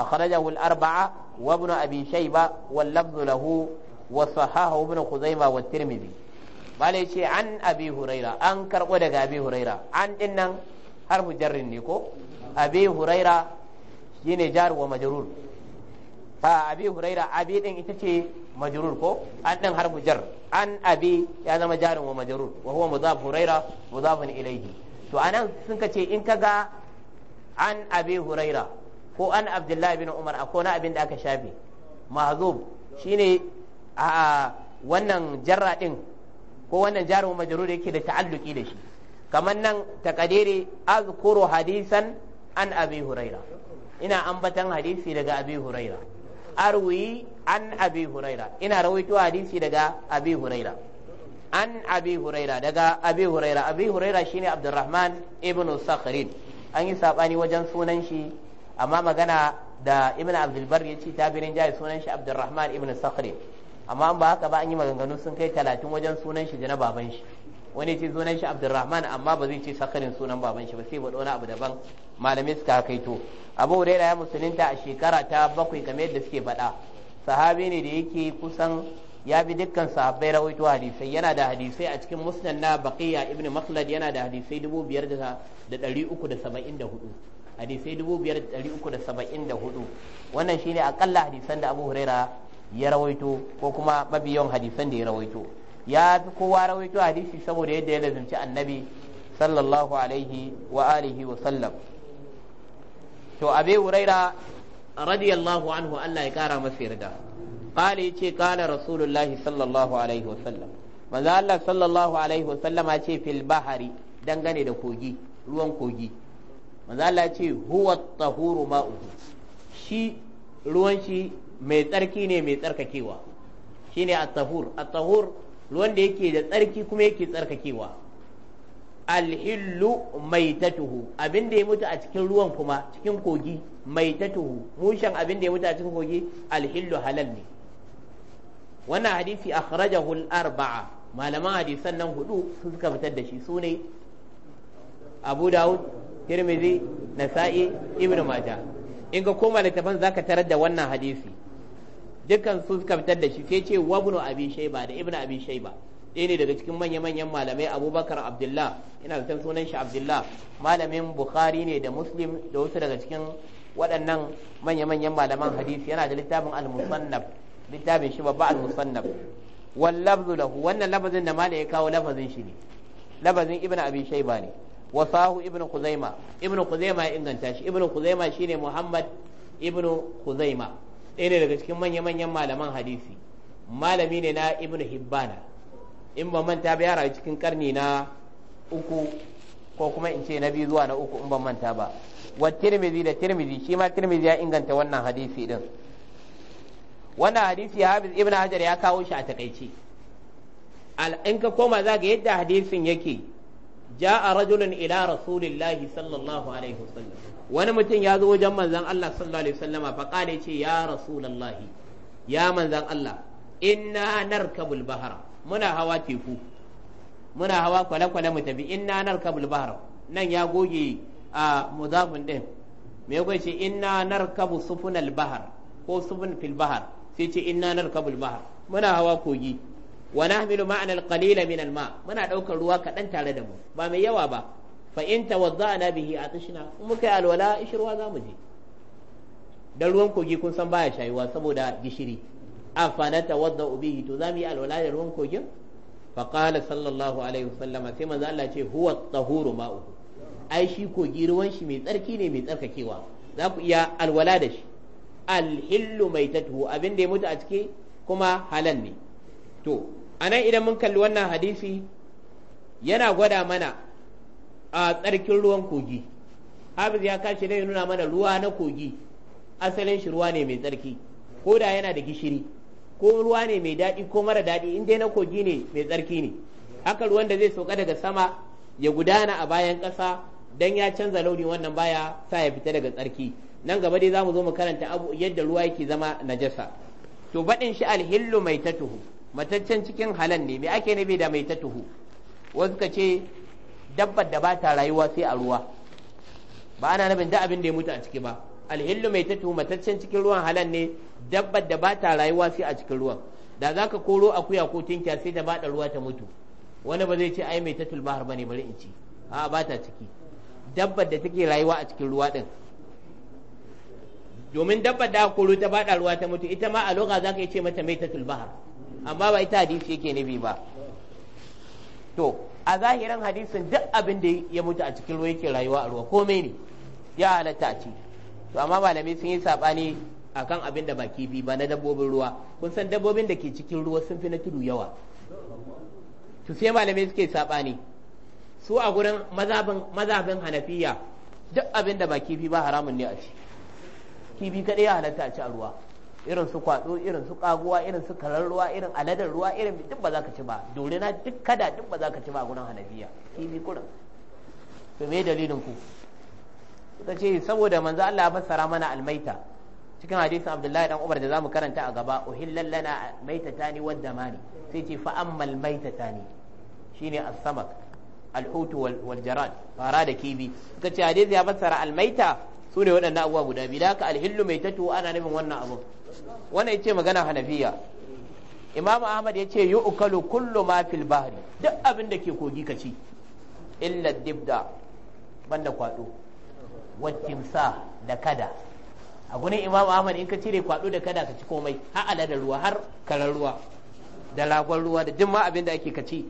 أخرجه الأربعة وابن أبي شيبة واللفظ له وصححه ابن خزيمة والترمذي bale ce an abi huraira an karɓo daga abi huraira an ɗin nan harfu jarrin ne ko abi huraira shi ne jar wa majarur a abi huraira abi ɗin ita ce majarur ko an ɗin jar an abi ya zama jarin wa majarur wa huwa mudaf huraira mudafun ilayhi to anan sun kace ce in kaga an abi huraira ko an abdullahi bin umar akwai na abin da aka shafe mahzub shine a wannan jarra din ko wannan jarin wa majarur yake da ta'alluki da shi kamar nan takadiri azkuru hadisan an abi huraira ina ambatan hadisi daga abi huraira arwi an abi huraira ina rawaito hadisi daga abi huraira an abi huraira daga abi huraira abi huraira shine abdurrahman ibnu sakhri an yi sabani wajen sunan shi amma magana da ibn abdulbar ya ce tabirin jayi sunan shi abdurrahman ibnu sakhrin amma ba haka ba an yi maganganu sun kai talatin wajen sunan shi da na baban shi wani ce sunan shi abdurrahman amma ba zai ce sakarin sunan baban shi ba sai ba wani abu daban malamai suka kaito abu huraira ya musulunta a shekara ta bakwai kamar da suke faɗa sahabi ne da yake kusan ya bi dukkan sahabbai rawaito hadisai yana da hadisai a cikin musnad na baqiya ibnu makhlad yana da hadisai 5374 hadisai 5374 wannan shine akalla hadisan da abu huraira ya rawaito ko kuma mabiyan hadisan da ya rawaito ya fi kowa rawaito hadisi saboda yadda ya lazimci annabi sallallahu alaihi wa alihi wa sallam to abe huraira radiyallahu anhu Allah ya kara masa yarda qala yace qala rasulullahi sallallahu alaihi wa sallam manzo Allah sallallahu alaihi wa sallama ce fil bahari dangane da kogi ruwan kogi manzo Allah ce huwa tahuru ma'uhu shi ruwan shi mai tsarki ne mai tsarkakewa shine at-tahur at-tahur ruwan da yake da tsarki kuma yake tsarkakewa alhillu maitatuhu abin da ya mutu a cikin ruwan kuma cikin kogi maitatuhu mushen abin da ya mutu a cikin kogi alhillu halal ne wannan hadisi akhrajahu al-arba'a malaman hadisan nan hudu su suka fitar da shi sune Abu Dawud Tirmidhi Nasa'i Ibn Majah in ka koma littafin zaka tarar da wannan hadisi dukkan su suka fitar da shi sai ce wa ibnu abi shayba da ibnu abi shayba ɗaya ne daga cikin manya-manyan malamai abubakar abdullah ina zaton sunan shi abdullah malamin bukhari ne da muslim da wasu daga cikin waɗannan manya-manyan malaman hadisi yana da littafin al-musannaf littafin shi babba al-musannaf wal lafzu lahu wannan lafazin da malai ya kawo lafazin shi ne lafazin ibnu abi shayba ne wasahu ibnu kuzaima ibnu kuzaima ya inganta shi ibnu kuzaima shine muhammad ibnu kuzaima ɗaya ne daga cikin manya-manyan malaman hadisi malami ne na ibn hibbana in ba manta ba ya rayu cikin karni na uku ko kuma in ce na biyu zuwa na uku in ban manta ba wa tirmizi da tirmizi shi ma tirmizi ya inganta wannan hadisi din wannan hadisi hafiz ibn hajar ya kawo shi a takaice in ka koma za ga yadda hadisin yake ja'a rajulun ila rasulillahi sallallahu alaihi wasallam wani mutum ya zo wajen manzan Allah sallallahu alaihi wasallama fa qala yace ya rasulallahi ya manzan Allah inna narkabul bahara muna hawa teku muna hawa kwale-kwale mu tafi inna narkabul bahara nan ya goge a mudafin ɗin. me yake ce inna narkabu sufunal bahar ko sufun fil bahar sai ce inna narkabul bahar muna hawa kogi wa nahmilu ma'anar al-qalila min al-ma muna daukar ruwa kaɗan tare da mu ba mai yawa ba fa in tawadda'na bihi a in muka yi alwala ishirwa za mu je dan ruwan kogi kun san baya shayuwa saboda gishiri afana tawadda'u bihi to za mu yi alwala da ruwan kogin fa qala sallallahu alaihi wasallama sai manzo Allah ce huwa tahuru ma'u ai shi kogi ruwan shi mai tsarki ne mai tsarkakewa za ku iya alwala da shi alhillu mai abin da ya mutu a ciki kuma halal ne to anan idan mun kalli wannan hadisi yana gwada mana a tsarkin ruwan kogi hafiz ya kashi ya nuna mana ruwa na kogi asalin shi ruwa ne mai tsarki ko da yana da gishiri ko ruwa ne mai daɗi ko mara daɗi in dai na kogi ne mai tsarki ne haka ruwan da zai sauka daga sama ya gudana a bayan ƙasa dan ya canza launi wannan baya sa ya fita daga tsarki nan gaba dai zamu zo mu karanta abu yadda ruwa yake zama najasa to baɗin shi alhillu mai ta tuhu, mataccen cikin halan ne me ake nufi da mai ta tuhu wasu ka ce dabbar da ba ta rayuwa sai a ruwa ba ana nabin da abin da ya mutu a ciki ba alhillu mai ta mataccen cikin ruwan halan ne dabbar da ba ta rayuwa sai a cikin ruwan da za ka koro akuya ko tinkiya sai da bada ruwa ta mutu wani ba zai ce ai mai tulbahar ba ne bari in ci a ba ta ciki dabbar da take rayuwa a cikin ruwa din domin dabbar da koro ta bada ruwa ta mutu ita ma a loka za ka ce mata mai ta tulbahar amma ba ita hadisi yake nabi ba to a zahirin hadisin duk abin da ya mutu a cikin ruwa yake rayuwa a ruwa komai ne ya halatta a ci to amma malamai sun yi sabani akan abin da ba kifi ba na dabbobin ruwa kun san dabbobin da ke cikin ruwa sun fi na tudu yawa to sai malamai suke sabani su a gurin mazabin mazabin hanafiya duk abin da ba kifi ba haramun ne a ci kifi kadai ya halatta a ci a ruwa irin su kwatsu, irin su kaguwa irin su karar ruwa irin aladar ruwa irin duk ba za ka ci ba na duk kada duk ba za ka ci ba a gurin Ki kifi kurin to me dalilin ku suka ce saboda manzo Allah ya fassara mana almaita cikin hadisin Abdullahi dan Umar da zamu karanta a gaba uhillal lana maitatani wad damani sai ce fa ammal maitatani shine as-samak al-hut wal jarad fara da kibi suka ce hadisi ya fassara almaita sune waɗannan abubuwa guda biyu da haka alhillu maitatu ana nufin wannan abu wannan ce magana hanafiya imam ahmad yace yu'kalu kullu ma fil bahri duk abin da ke kogi ka ci illa dibda banda kwado wattimsa da kada a gurin imam ahmad in ka cire kwado da kada ka ci komai har ala da ruwa har karar ruwa da lagon ruwa da duk ma abin da ake ka ci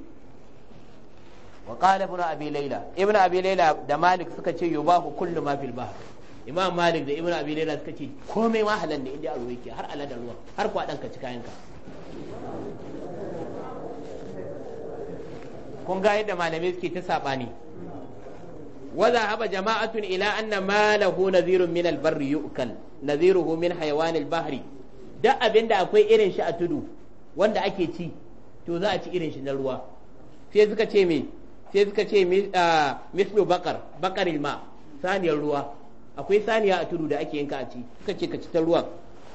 wa qala ibn abi layla ibn abi layla da malik suka ce yubahu kullu ma fil bahri imam malik da ibn abi laila suka ce komai ma halal ne inda aro yake har aladan ruwa har kwadan ka ci kayan ka kun ga yadda malamai suke ta sabani wa haba jama'atun ila anna ma lahu nadhirun min al-barri yu'kal nadhiruhu min hayawan al-bahri abinda akwai irin shi a tudu wanda ake ci to za a ci irin shi na ruwa sai suka ce me sai suka ce ah, mislu bakar bakaril ma saniyar ruwa akwai saniya a tudu da ake yanka a ci suka ce ka ci ta ruwan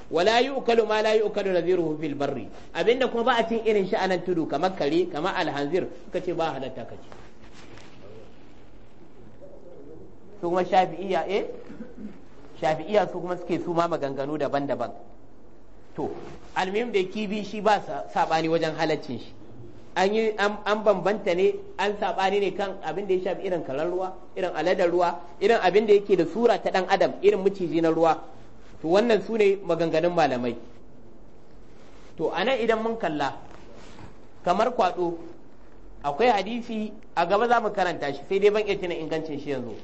wala ukalu ma la na nadhiruhu fil barri abinda kuma ba a cin irin shi anan tudu kamar kare kamar alhanzir suka ce ba halatta ka ci su kuma shafi'iya eh shafi'iya su kuma suke su ma maganganu daban-daban to almim da kibi shi ba saɓani wajen halaccin shi an yi an bambanta ne an sabani ne kan abin da ya shafi irin kalan ruwa irin aladar ruwa irin abin da yake da sura ta dan adam irin maciji na ruwa to wannan su ne maganganun malamai to anan idan mun kalla kamar kwado akwai hadisi a gaba za mu karanta shi sai dai ban iya tuna ingancin shi yanzu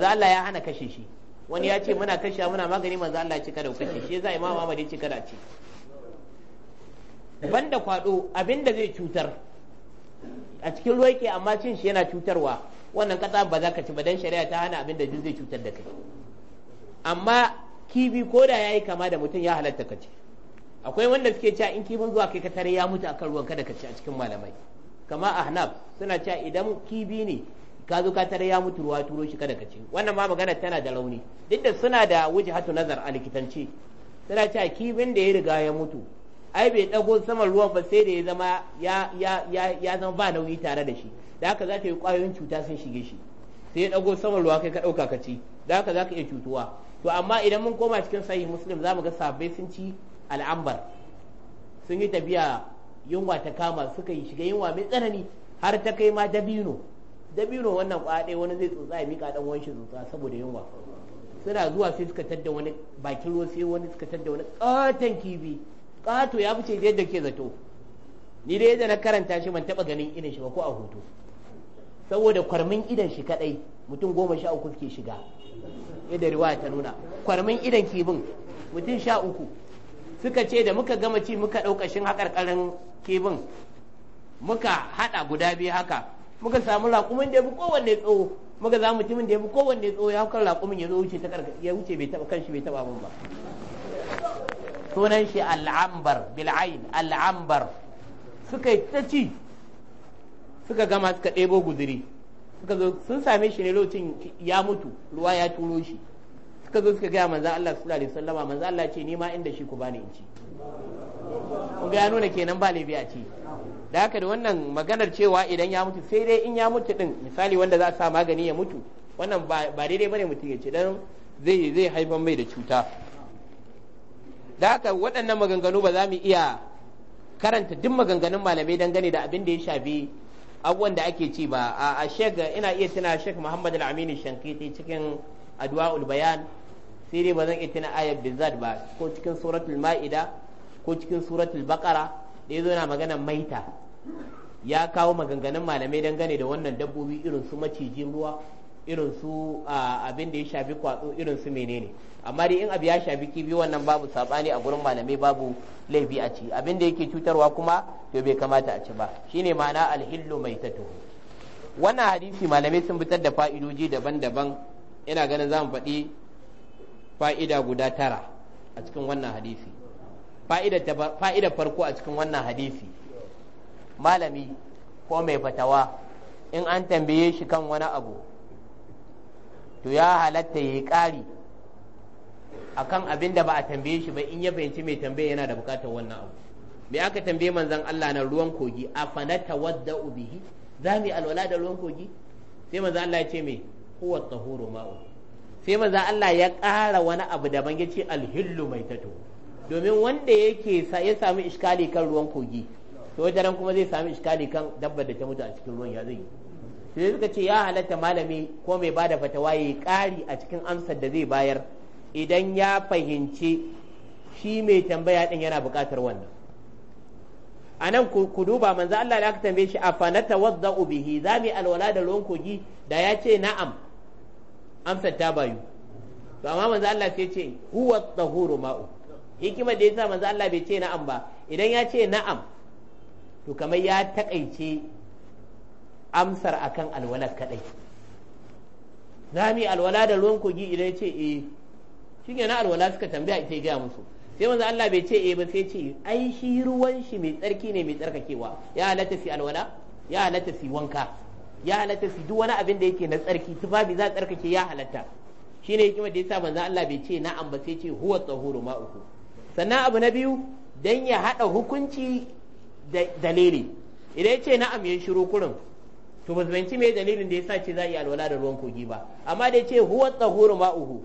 za Allah ya hana kashe shi wani ya ce muna kashe muna magani za Allah ya cika da kashe shi yasa Imam Ahmad ya ci kada ce banda kwado abin da zai cutar a cikin ruwa yake amma cin shi yana cutarwa wannan kasa ba za ka ci ba dan shari'a ta hana abin da jin zai cutar da kai amma kibi ko da yayi kama da mutum ya halatta ka ci akwai wanda suke cewa in kibin zuwa kai ka tare ya mutu akan ruwan kada ka ci a cikin malamai kama ahnaf suna cewa idan kibi ne ka zo ka tare ya mutu ruwa turo shi kada ka ci wannan ma magana tana da rauni duk da suna da wujhatu nazar a likitanci suna cewa kibin da ya riga ya mutu ai bai dago saman ruwan ba sai da ya zama ya zama ba nauyi tare da shi da haka za ta yi kwayoyin cuta sun shige shi sai ya dago saman ruwa kai ka dauka ka ci da haka za ka iya cutuwa to amma idan mun koma cikin sahih muslim za mu ga sahabbai sun ci al'ambar sun yi tafiya yunwa ta kama suka yi shiga yunwa mai tsanani har ta kai ma dabino dabino wannan kwaɗe wani zai tsotsa ya mika dan wanshi tsotsa saboda yunwa suna zuwa sai suka tadda wani bakin ruwa sai wani suka tadda wani katon kifi ƙato ya fice yadda ke zato ni dai yadda na karanta shi ban taɓa ganin irin shi ba ko a hoto saboda kwarmin idan shi kadai mutum goma sha uku ke shiga yadda riwa ta nuna kwarmin idan kibin mutum sha uku suka ce da muka gama ci muka ɗaukashin haƙarƙarin kibin muka haɗa guda biyu haka muka samu laƙumin da ya fi kowanne tsoho muka za mutumin da ya fi kowanne tsoho ya haƙar laƙumin ya zo wuce ta ya wuce bai taɓa kanshi bai taɓa min ba sunan shi al'ambar bil'ain al'ambar suka yi ta ci suka gama suka ɗebo guduri sun same shi ne lokacin ya mutu ruwa ya turo shi suka zo suka gaya manzan Allah sallallahu alaihi wasallama manzan Allah ce nima ma inda shi ku bani in ci kun ga ya nuna kenan ba laifi a ci da haka da wannan maganar cewa idan ya mutu sai dai in ya mutu din misali wanda za a sa magani ya mutu wannan ba daidai bane mutum ya ce dan zai zai haifar mai da cuta da haka waɗannan maganganu ba za mu iya karanta duk maganganun malamai dangane da abin da ya shafi abubuwan da ake ci ba a shek ina iya tuna shek muhammad al-amini shankiti cikin adwa'ul bayan sai dai ba zan iya tuna ayat bizad ba ko cikin suratul ma'ida ko cikin suratul bakara da yazo na magana maita ya kawo maganganun malamai dangane da wannan dabbobi irin su macijin ruwa irin su abin da ya shafi kwatso irin su menene amma dai in abu ya shafi kibi wannan babu sabani a gurin malamai babu laifi a ci abin da yake cutarwa kuma to bai kamata a ci ba shine ma'ana alhillu mai tato. wannan hadisi malamai sun fitar da fa'idoji daban-daban ina ganin zamu mu faɗi fa'ida guda tara a cikin wannan hadisi fa'idar farko a cikin wannan hadisi malami ko mai fatawa in an tambaye shi kan wani abu to ya halatta ya yi ƙari akan abin da ba a tambaye shi ba in ya fahimci mai tambaye yana da bukatar wannan abu me aka tambaye manzan Allah na ruwan kogi a fanata wadda ubihi za mu yi alwala da ruwan kogi sai manzan Allah ya ce me huwa tsahoro ma'u sai manzan Allah ya ƙara wani abu daban ya ce alhillu mai tato domin wanda yake ya sami iskali kan ruwan kogi to wajen kuma zai sami iskali kan dabbar da ta mutu a cikin ruwan ya zai yi sai suka ce ya halatta malami ko mai bada fatawa ya ƙari a cikin amsar da zai bayar idan ya fahimci shi mai tambaya din yana buƙatar wannan a nan ku duba manzo Allah da aka tambaye shi afanata na tawadda'u bihi za mu alwala da ruwan kogi da ya ce na'am amsar ta bayu to amma manzo Allah sai ce huwa tahuru ma'u hikima da yasa manzo Allah bai ce na'am ba idan ya ce na'am to kamar ya takaice amsar akan alwala kadai zami alwala da ruwan kogi idan ce eh shine na alwala suka tambaya ita gaya musu sai manzo Allah bai ce eh ba sai ce ai shi ruwan shi mai tsarki ne mai tsarkakewa ya halatta fi alwala ya halatta fi wanka ya halatta fi duk wani abin da yake na tsarki tufafi za tsarkake ya halatta shine hikimar da yasa manzo Allah bai ce na'am ba sai ce huwa tsahuru uku sannan abu na biyu dan ya hada hukunci da dalili idan ya ce na'am ya shiru kurin to ba zanci mai dalilin da sa ce za a yi alwala da ruwan kogi ba amma da ya ce huwa tsahuru ma'uhu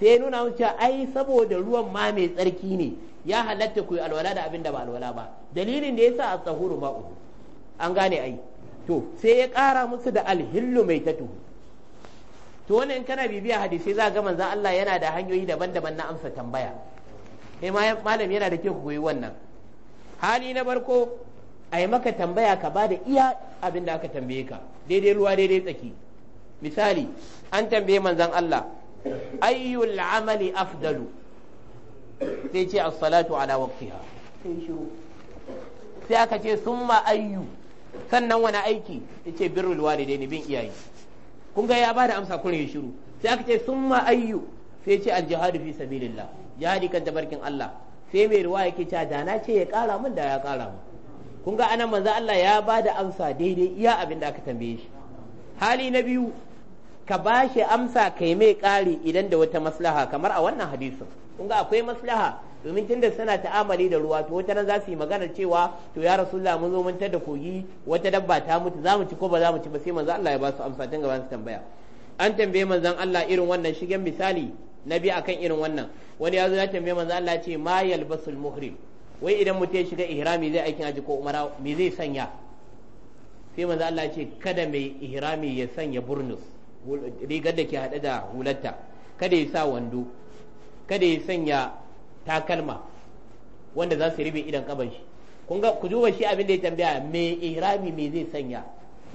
sai ya nuna cewa ai saboda ruwan ma mai tsarki ne ya halatta ku yi alwala da abin da ba alwala ba dalilin da ya sa a tsahuru ma'uhu an gane ai to sai ya kara musu da alhillu mai tatu. to wannan kana bibiya hadisai za ga manzon Allah yana da hanyoyi daban-daban na amsa tambaya eh malam yana da kyau ku goyi wannan hali na barko a yi maka tambaya ka ba da iya abin da aka tambaye ka daidai ruwa daidai tsaki misali an tambaye manzan Allah ayyul amali afdalu sai ce as-salatu ala waqtiha sai sai aka ce summa ayyu sannan wani aiki Ya ruwa birrul ne, bin iyaye kun ga ya da amsa kun yi shiru sai aka ce summa ayyu sai ce aljihadu jihadu fi sabilillah jihadi kan tabarkin Allah sai mai ruwa yake cewa da na ce ya kara mun da ya kara mun. kun ga anan manzo Allah ya ba da amsa daidai iya abin da aka tambaye shi hali na biyu ka ba shi amsa kai mai ƙari idan da wata maslaha kamar a wannan hadisin kun ga akwai maslaha domin tunda suna ta'amali da ruwa to wata nan za su yi maganar cewa to ya rasulullah mun zo mun da kogi wata dabba ta mutu za mu ci ko ba za mu ci ba sai manzo Allah ya ba su amsa tun gaba su tambaya an tambaye manzon Allah irin wannan shigen misali nabi akan irin wannan wani ya zo ya tambaye manzo Allah ce ma yalbasul muhrim wai idan mutum ya shiga ihrami zai aikin aji ko umara me zai sanya sai manzo Allah ce kada mai ihrami ya sanya burnus rigar da ke hada da hularta kada ya sa wando kada ya sanya takalma wanda za su ribe idan kaban shi kun ga ku duba shi abin da ya tambaya me ihrami me zai sanya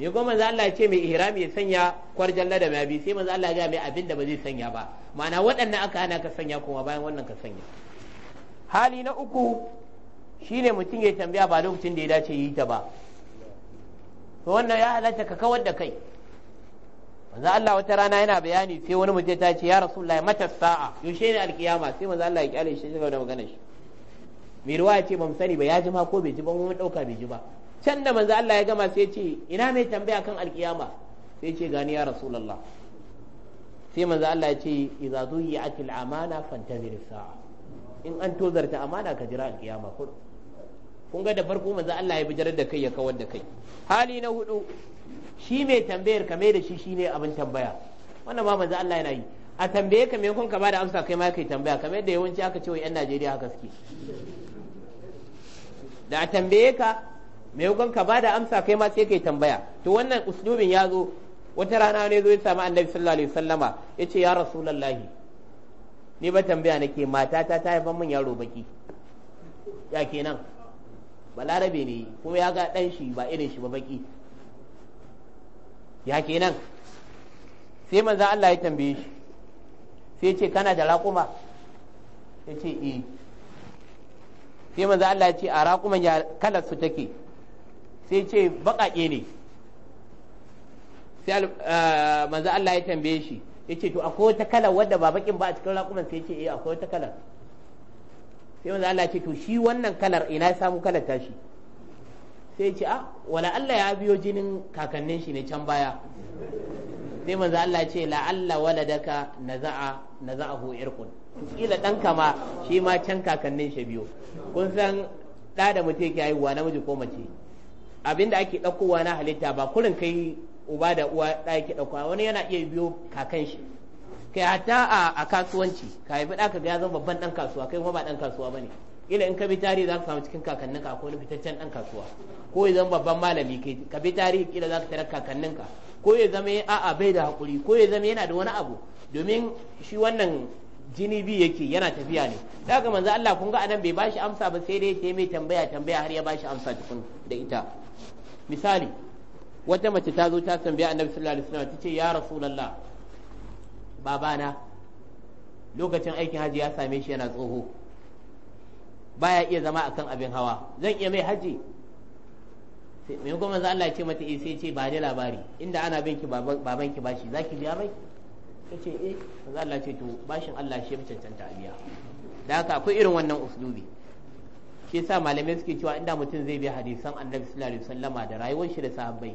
me ko manzo Allah ce me ihrami ya sanya kwarjan da ma bi sai manzo Allah ya ga me abin da ba zai sanya ba ma'ana waɗannan aka hana ka sanya kuma bayan wannan ka sanya hali na uku Shi ne mutum ya tambaya ba lokacin da ya dace yi ta ba to wannan ya halatta ka kawar da kai manzo Allah wata rana yana bayani sai wani mutum ta ce ya rasulullah mata sa'a yaushe ne alkiyama sai manzo Allah ya kyale shi saboda magana shi mai ruwa ce ba mu sani ba ya ji ma ko bai ji ba mun dauka bai ji ba can da manzo Allah ya gama sai ce ina mai tambaya kan alkiyama sai ce gani ya rasulullah sai manzo Allah ya ce idza zuyi'atil amana fantazir sa'a in an tozarta amana ka jira alkiyama kudu kun ga da farko manzo Allah ya bijirar da kai ya kawar da kai hali na hudu shi mai tambayar ka da shi shine abin tambaya wannan ma manzo Allah yana yi a tambaye ka maimakon ka bada amsa kai ma kai tambaya kamar yadda yawanci aka ce wa yan Najeriya haka suke da a tambaye ka maimakon ka bada amsa kai ma sai kai tambaya to wannan uslubin ya zo wata rana ne zo ya samu annabi sallallahu alaihi wasallama yace ya rasulullahi ni ba tambaya nake matata ta haifan min yaro baki ya kenan balarabe ne kuma ya ga dan shi ba irin shi ba baki ya kenan sai manzo Allah ya tambaye shi sai ce kana da raƙuma ya ce eh sai manzo Allah ya ce a raƙuman ya kalar su take sai ce baƙaƙe ne sai eh, manzo Allah ya tambaye shi ya ce to akwai wata kalar wadda ba baƙin ba a cikin raƙuman sai ce eh akwai wata kalar sai manzo Allah ce to shi wannan kalar ina ya samu kalar tashi sai ya ce a ah, wala Allah ya biyo jinin kakannin shi ne can baya sai manzo Allah ce la wala daka naza'a naza'ahu irqun kila dan kama shi ma can kakannin shi biyo kun san da da mutum yake haihuwa namiji ko mace abinda ake ɗaukowa na halitta ba kurin kai uba da uwa ɗaya ke ɗaukowa wani yana iya biyo kakan shi kai ta a kasuwanci ka haifi ɗaka ga ya zama babban ɗan kasuwa kai kuma ba ɗan kasuwa bane ila in ka bi tarihi za ka samu cikin kakannin ka ko wani fitaccen ɗan kasuwa ko ya zama babban malami kai ka bi tarihi kila za ka tarar kakannin ka ko ya zama a bai da haƙuri ko ya zama yana da wani abu domin shi wannan jini bi yake yana tafiya ne da ga manzo Allah kun ga anan bai bashi amsa ba sai dai sai mai tambaya tambaya har ya bashi amsa tukun da ita misali wata mace ta zo ta tambaya annabi sallallahu alaihi wasallam tace ya rasulullah babana lokacin aikin haji ya same shi yana tsoho baya iya zama akan abin hawa zan iya mai haji mai kuma za Allah ce mata eh, sai ce ba ne labari inda ana bin ki baban ki bashi za ki biya mai ta ce eh za Allah ce to bashin Allah shi ya cancanta a biya da haka akwai irin wannan uslubi shi sa malamai suke cewa inda mutum zai bi hadisan annabi sallallahu alaihi wasallama da rayuwar shi da sahabbai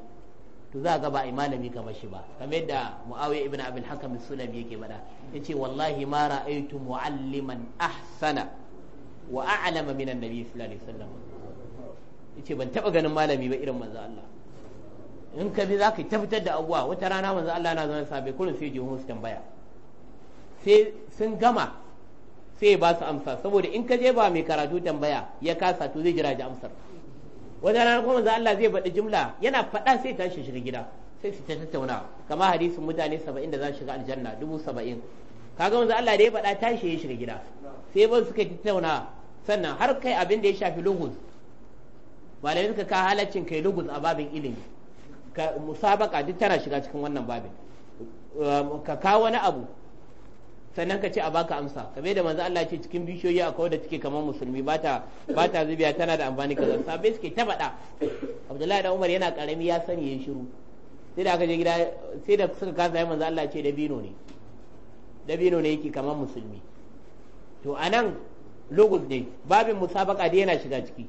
to za ga ba a malami kamar shi ba kamar yadda muawiya ibn abul hakam ke bada ya ce wallahi ma ra'aitu mu'alliman ahsana wa a'lama min annabi sallallahu alaihi wasallam ce ban taba ganin malami ba irin manzo Allah in ka bi za ka tabbatar da abuwa wata rana manzo Allah na zama sabai kullum sai je su tambaya sai sun gama sai ba su amsa saboda in ka je ba mai karatu tambaya ya kasa to zai jira ji amsar wata rana kuma za Allah zai faɗi jumla yana faɗa sai ta shi shiga gida sai su ta tattauna kama hadisin mutane saba'in da za su shiga aljanna dubu 70 kaga wanzu Allah da ya faɗa ta ya shiga gida sai ban suka tattauna sannan har kai abin da ya shafi lugus malamin ka ka halaccin kai lugus a babin ilimi ka musabaka duk tana shiga cikin wannan babin ka kawo wani abu sannan ka ce a baka amsa kamar da manzo Allah ce cikin bishiyoyi a kawai da take kamar musulmi Bata ta zubiya tana da amfani kaza bai suke ta faɗa Abdullahi da Umar yana karami ya sani yayin shiru sai da aka je gida sai da suka kasa yayin manzo Allah ce dabino ne dabino ne yake kamar musulmi to anan logos ne babin musabaka dai yana shiga ciki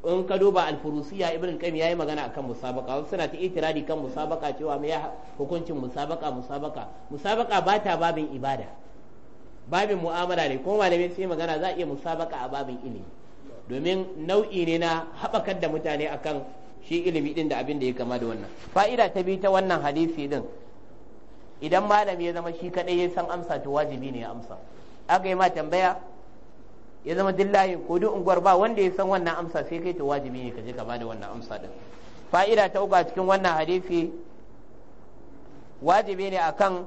in ka duba alfurusiya ibn ya yayi magana akan musabaka wasu suna ta itiradi kan musabaka cewa me hukuncin musabaka musabaka musabaka ba ta babin ibada babin mu'amala ne ko malamai sai magana za a iya musabaka a babin ilimi domin nau'i ne na haɓakar da mutane akan shi ilimi din da abin da ya kama da wannan fa'ida ta bi ta wannan hadisi din idan malami ya zama shi kaɗai ya san amsa to wajibi ne ya amsa aka yi ma tambaya ya zama duk ko duk unguwar ba wanda ya san wannan amsa sai kai to wajibi ne ka je ka bada wannan amsa din fa'ida ta uku a cikin wannan hadisi wajibi ne akan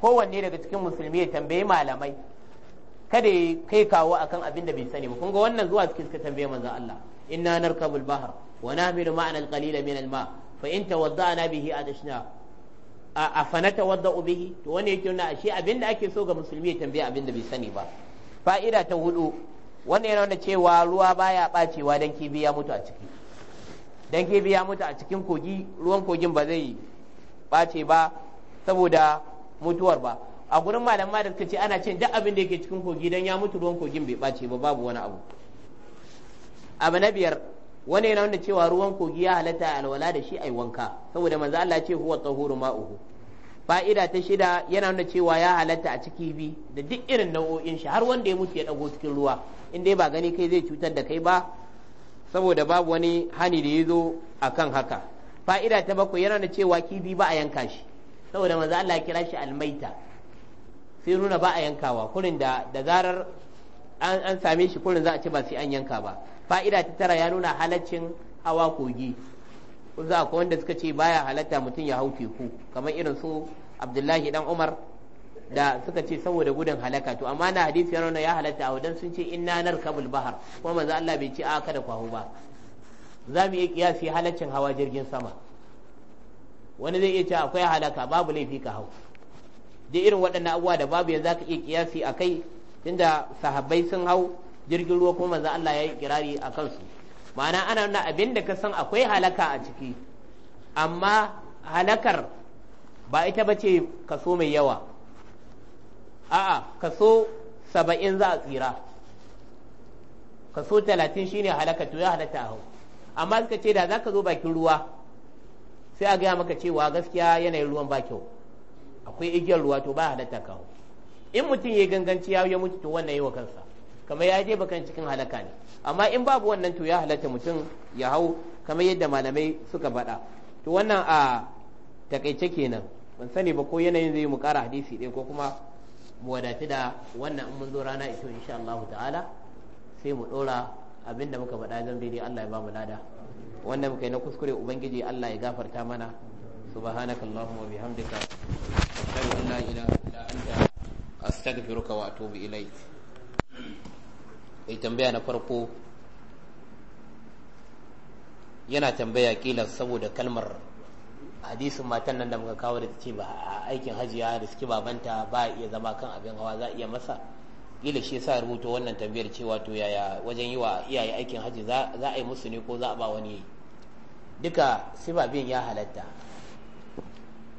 kowanne daga cikin musulmi ya tambayi malamai kada ya kai kawo akan abin da bai sani ba kun ga wannan zuwa cikin suka tambaye manzon Allah inna narkabul bahar wa nahmilu ma'ana al-qalila min al-ma fa in tawadda'na bihi adashna a fanata wadda bihi to wani yake nuna ashe abin da ake so ga musulmi ya tambaye abin da bai sani ba fa'ida ta hudu wanda yana wanda cewa ruwa baya bacewa dan kifi ya mutu a ciki dan kifi ya mutu a cikin kogi ruwan kogin ba zai bace ba saboda mutuwar ba a gurin malama da suka ce ana cin duk abin da yake cikin kogi dan ya mutu ruwan kogin bai bace ba babu wani abu abu na biyar wani yana wanda cewa ruwan kogi ya halatta alwala da shi ai wanka saboda manzo Allah ya ce huwa tahuru ma'uhu fa'ida ta shida yana nuna cewa ya halatta a ciki bi da duk irin nau'o'in shi har wanda ya mutu ya dago cikin ruwa in dai ba gani kai zai cutar da kai ba saboda babu wani hani da ya zo a kan haka fa'ida ta bakwai yana nuna cewa kibi ba a yanka shi saboda maza Allah ya kira shi almaita sai nuna ba a yankawa kurin da da zarar an same shi kurin za a ci ba sai an yanka ba fa'ida ta tara ya nuna halaccin hawa kogi za akwai wanda suka ce baya halatta mutum ya hau teku kamar irin su abdullahi dan umar da suka ce saboda gudun halaka to amma na hadisi ya nuna ya halatta a wadan sun ce inna kabul bahar kuma manzo Allah bai ce a kada kwahu ba za mu iya kiyasi halaccin hawa jirgin sama wani zai iya cewa akwai halaka babu laifi ka hau duk irin waɗannan abubuwa da babu za ka iya kiyasi a kai tunda sahabbai sun hau jirgin ruwa kuma manzo Allah ya yi kirari a kansu ma'ana ana nuna abinda ka san akwai halaka a ciki amma halakar ba ita ba ce kaso mai yawa a'a kaso saba'in za a tsira kaso talatin shine halaka to ya halatta a hau amma suka ce da za ka zo bakin ruwa sai a gaya maka cewa gaskiya yanayin ruwan ba kyau akwai igiyar ruwa to ba halatta ka in mutum ya ganganci ya mutu to wannan yi wa kansa kamar ya je bakan cikin halaka ne amma in babu wannan to ya halatta mutum ya hau kamar yadda malamai suka faɗa to wannan a takaice kenan ban sani ba ko yanayin zai mu kara hadisi ɗaya ko kuma mu wadaci da wannan in mun zo rana ito insha Allah ta'ala sai mu ɗora abinda muka faɗa zan daidai Allah ya ba mu lada wanda muka yi na kuskure ubangiji Allah ya gafarta mana subhanaka allahumma bihamdika ashhadu an la ilaha illa anta astaghfiruka wa atubu ilaik tambaya na farko yana tambaya kila saboda kalmar hadisin matan nan da muka kawo da ce ba a aikin hajiya da suke babanta ba iya zama kan abin hawa za a iya masa kila shi sa rubuto wannan tambayar cewa to yaya wajen yi wa iyaye aikin haji za a yi musu ne ko za a ba wani duka siba biyan ya halatta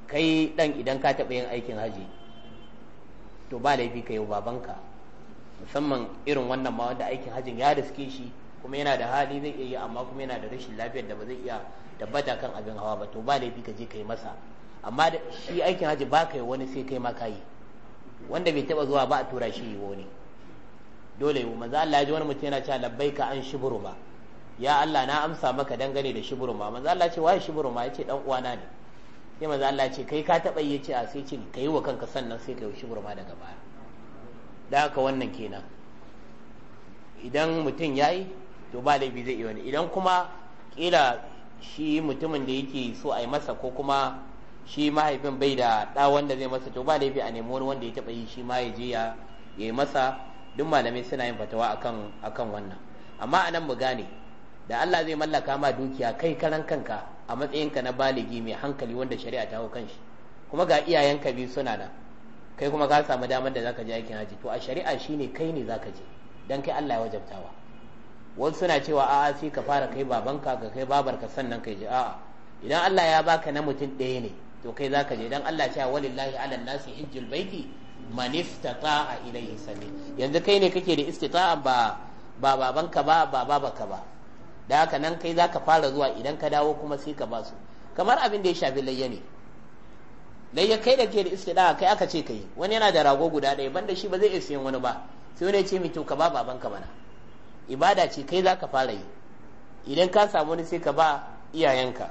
kai dan idan ka taɓa yin aikin haji to ba laifi ka yi babanka musamman irin wannan ma wanda aikin hajin ya riske shi kuma yana da hali zai iya yi amma kuma yana da rashin lafiyar da ba zai iya tabbata kan abin hawa ba to ba laifi ka je kai masa amma shi aikin haji ba kai wani sai kai ma kayi wanda bai taba zuwa ba a tura shi yiwo ne dole manzo Allah ya ji wani mutum yana cewa ka an shiburu ma ya Allah na amsa maka dangane da shiburu ma manzo Allah ya ce wai shiburu ma yace dan uwana ne sai manzo Allah ce kai ka taba yi ce a sai ce kai wa kanka sannan sai kai shiburu ma daga baya da haka wannan kenan idan mutum yayi to ba laifi zai yi wani idan kuma kila shi mutumin da yake so a yi masa ko kuma shi mahaifin bai da ɗa wanda zai masa to ba laifi a nemi wani wanda ya taɓa yi shi ma ya je ya yi masa duk malamai suna yin fatawa akan akan wannan amma a nan mu gane da Allah zai mallaka ma dukiya kai karan kanka a matsayinka na baligi mai hankali wanda shari'a ta hau kanshi kuma ga iyayenka biyu suna nan kai kuma ka samu damar da zaka je aikin haji to a shari'a shine kai ne zaka je dan kai Allah ya wajabtawa wasu suna cewa a'a sai ka fara kai babanka ka kai babarka sannan kai ji a'a idan Allah ya baka na mutum ɗaya ne to kai zaka je idan Allah ya walillahi ala nasi hijjul baiti man istata'a ilayhi sabi yanzu kai ne kake da istita'a ba ba babanka ba ba babaka ba da haka nan kai zaka fara zuwa idan ka dawo kuma sai ka basu kamar abin da ya shafi layya ne layya kai da ke da istita'a kai aka ce kai wani yana da rago guda ɗaya banda shi ba zai iya siyan wani ba sai wani ce mai to ka ba babanka bana ibada ce kai za ka fara yi idan ka samu wani sai ka ba iyayenka